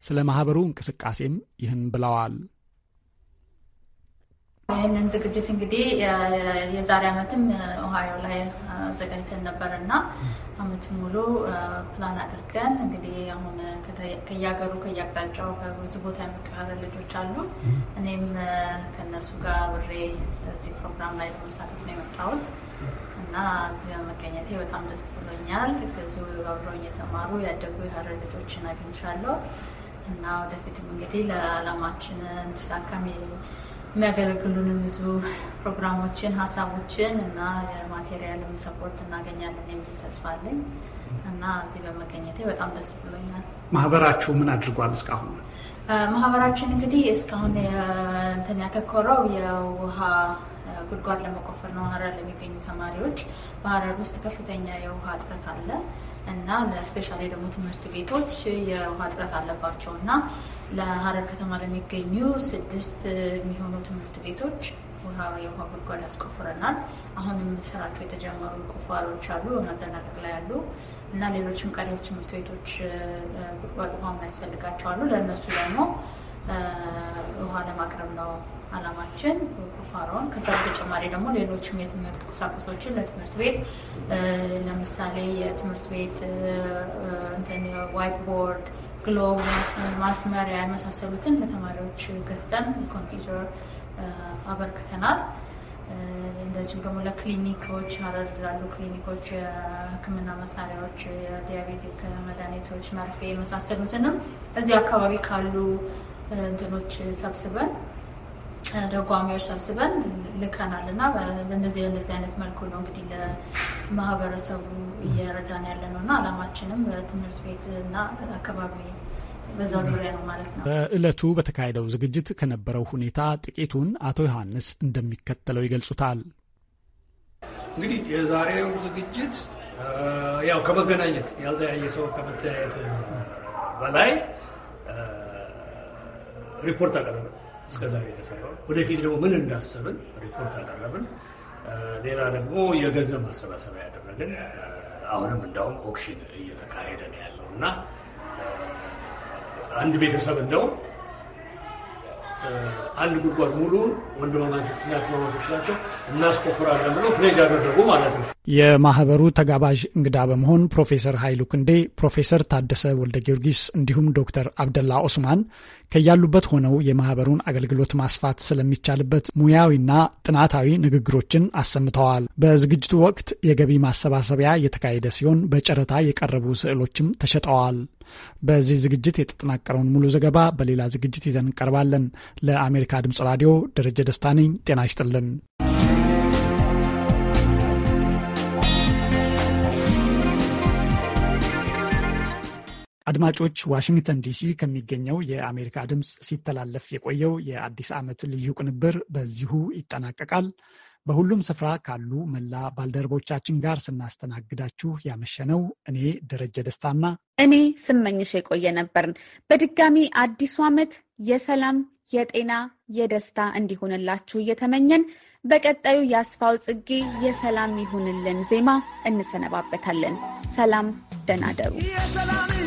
ስለ ማህበሩ እንቅስቃሴም ይህን ብለዋል። ይህንን ዝግጅት እንግዲህ የዛሬ ዓመትም ኦሃዮ ላይ አዘጋጅተን ነበር እና ዓመት ሙሉ ፕላን አድርገን እንግዲህ አሁን ከያገሩ ከያቅጣጫው ከብዙ ቦታ የመጡ ልጆች አሉ። እኔም ከእነሱ ጋር ብሬ እዚህ ፕሮግራም ላይ ለመሳተፍ ነው የመጣሁት እና እዚህ በመገኘቴ በጣም ደስ ብሎኛል። ብዙ አብረውኝ እየተማሩ ያደጉ የሀረር ልጆችን አግኝቻለሁ እና ወደፊትም እንግዲህ ለዓላማችን እንድሳካም የሚያገለግሉንም ብዙ ፕሮግራሞችን፣ ሀሳቦችን እና የማቴሪያልም ሰፖርት እናገኛለን የሚል ተስፋ አለኝ እና እዚህ በመገኘቴ በጣም ደስ ብሎኛል። ማህበራችሁ ምን አድርጓል እስካሁን? ማህበራችን እንግዲህ እስካሁን እንትን ያተኮረው የውሃ ጉድጓድ ለመቆፈር ነው። ሀረር ለሚገኙ ተማሪዎች በሀረር ውስጥ ከፍተኛ የውሃ እጥረት አለ። እና ለስፔሻሊ ደግሞ ትምህርት ቤቶች የውሃ እጥረት አለባቸው እና ለሀረር ከተማ ለሚገኙ ስድስት የሚሆኑ ትምህርት ቤቶች ውሃ የውሃ ጉድጓድ ያስቆፍረናል። አሁንም ስራቸው የተጀመሩ ቁፋሮች አሉ፣ በመጠናቀቅ ላይ ያሉ እና ሌሎችም ቀሪዎች ትምህርት ቤቶች ጉድጓድ ውሃ የሚያስፈልጋቸው አሉ። ለእነሱ ደግሞ ውሃ ለማቅረብ ነው አላማችን ኩፋራውን ከዛ በተጨማሪ ደግሞ ሌሎችም የትምህርት ቁሳቁሶችን ለትምህርት ቤት ለምሳሌ የትምህርት ቤት ዋይት ቦርድ፣ ግሎብ፣ ማስመሪያ የመሳሰሉትን ለተማሪዎች ገዝተን ኮምፒውተር አበርክተናል። እንደዚሁም ደግሞ ለክሊኒኮች ሀረር ላሉ ክሊኒኮች የሕክምና መሳሪያዎች፣ የዲያቤቲክ መድኃኒቶች፣ መርፌ የመሳሰሉትንም እዚህ አካባቢ ካሉ እንትኖች ሰብስበን ደጓሚዎች ሰብስበን ልከናል እና በእንደዚህ በእንደዚህ አይነት መልኩ ነው እንግዲህ ለማህበረሰቡ እየረዳን ያለ ነው እና አላማችንም ትምህርት ቤት እና አካባቢ በዛ ዙሪያ ነው ማለት ነው። በእለቱ በተካሄደው ዝግጅት ከነበረው ሁኔታ ጥቂቱን አቶ ዮሐንስ እንደሚከተለው ይገልጹታል። እንግዲህ የዛሬው ዝግጅት ያው ከመገናኘት ያልተያየ ሰው ከመተያየት በላይ ሪፖርት አቀረበ እስከዛሬ የተሰራው። ወደፊት ደግሞ ምን እንዳሰብን ሪፖርት አቀረብን። ሌላ ደግሞ የገንዘብ ማሰባሰቢያ ያደረግን። አሁንም እንዳውም ኦክሽን እየተካሄደ ነው ያለው እና አንድ ቤተሰብ እንደውም አንድ ጉድጓድ ሙሉ ወንድማማቾችና እህትማማቾች ናቸው እናስቆፍራለን ብሎ ፕሌጅ አደረጉ ማለት ነው። የማህበሩ ተጋባዥ እንግዳ በመሆን ፕሮፌሰር ኃይሉ ክንዴ፣ ፕሮፌሰር ታደሰ ወልደ ጊዮርጊስ እንዲሁም ዶክተር አብደላ ኦስማን ከያሉበት ሆነው የማህበሩን አገልግሎት ማስፋት ስለሚቻልበት ሙያዊና ጥናታዊ ንግግሮችን አሰምተዋል። በዝግጅቱ ወቅት የገቢ ማሰባሰቢያ የተካሄደ ሲሆን በጨረታ የቀረቡ ስዕሎችም ተሸጠዋል። በዚህ ዝግጅት የተጠናቀረውን ሙሉ ዘገባ በሌላ ዝግጅት ይዘን እንቀርባለን። ለአሜሪካ ድምጽ ራዲዮ ደረጀ ደስታ ነኝ። ጤና ይስጥልን። አድማጮች፣ ዋሽንግተን ዲሲ ከሚገኘው የአሜሪካ ድምፅ ሲተላለፍ የቆየው የአዲስ ዓመት ልዩ ቅንብር በዚሁ ይጠናቀቃል። በሁሉም ስፍራ ካሉ መላ ባልደረቦቻችን ጋር ስናስተናግዳችሁ ያመሸነው እኔ ደረጀ ደስታና እኔ ስመኝሽ የቆየ ነበርን። በድጋሚ አዲሱ ዓመት የሰላም የጤና፣ የደስታ እንዲሆንላችሁ እየተመኘን በቀጣዩ የአስፋው ጽጌ የሰላም ይሁንልን ዜማ እንሰነባበታለን። ሰላም፣ ደናደሩ ደሩ።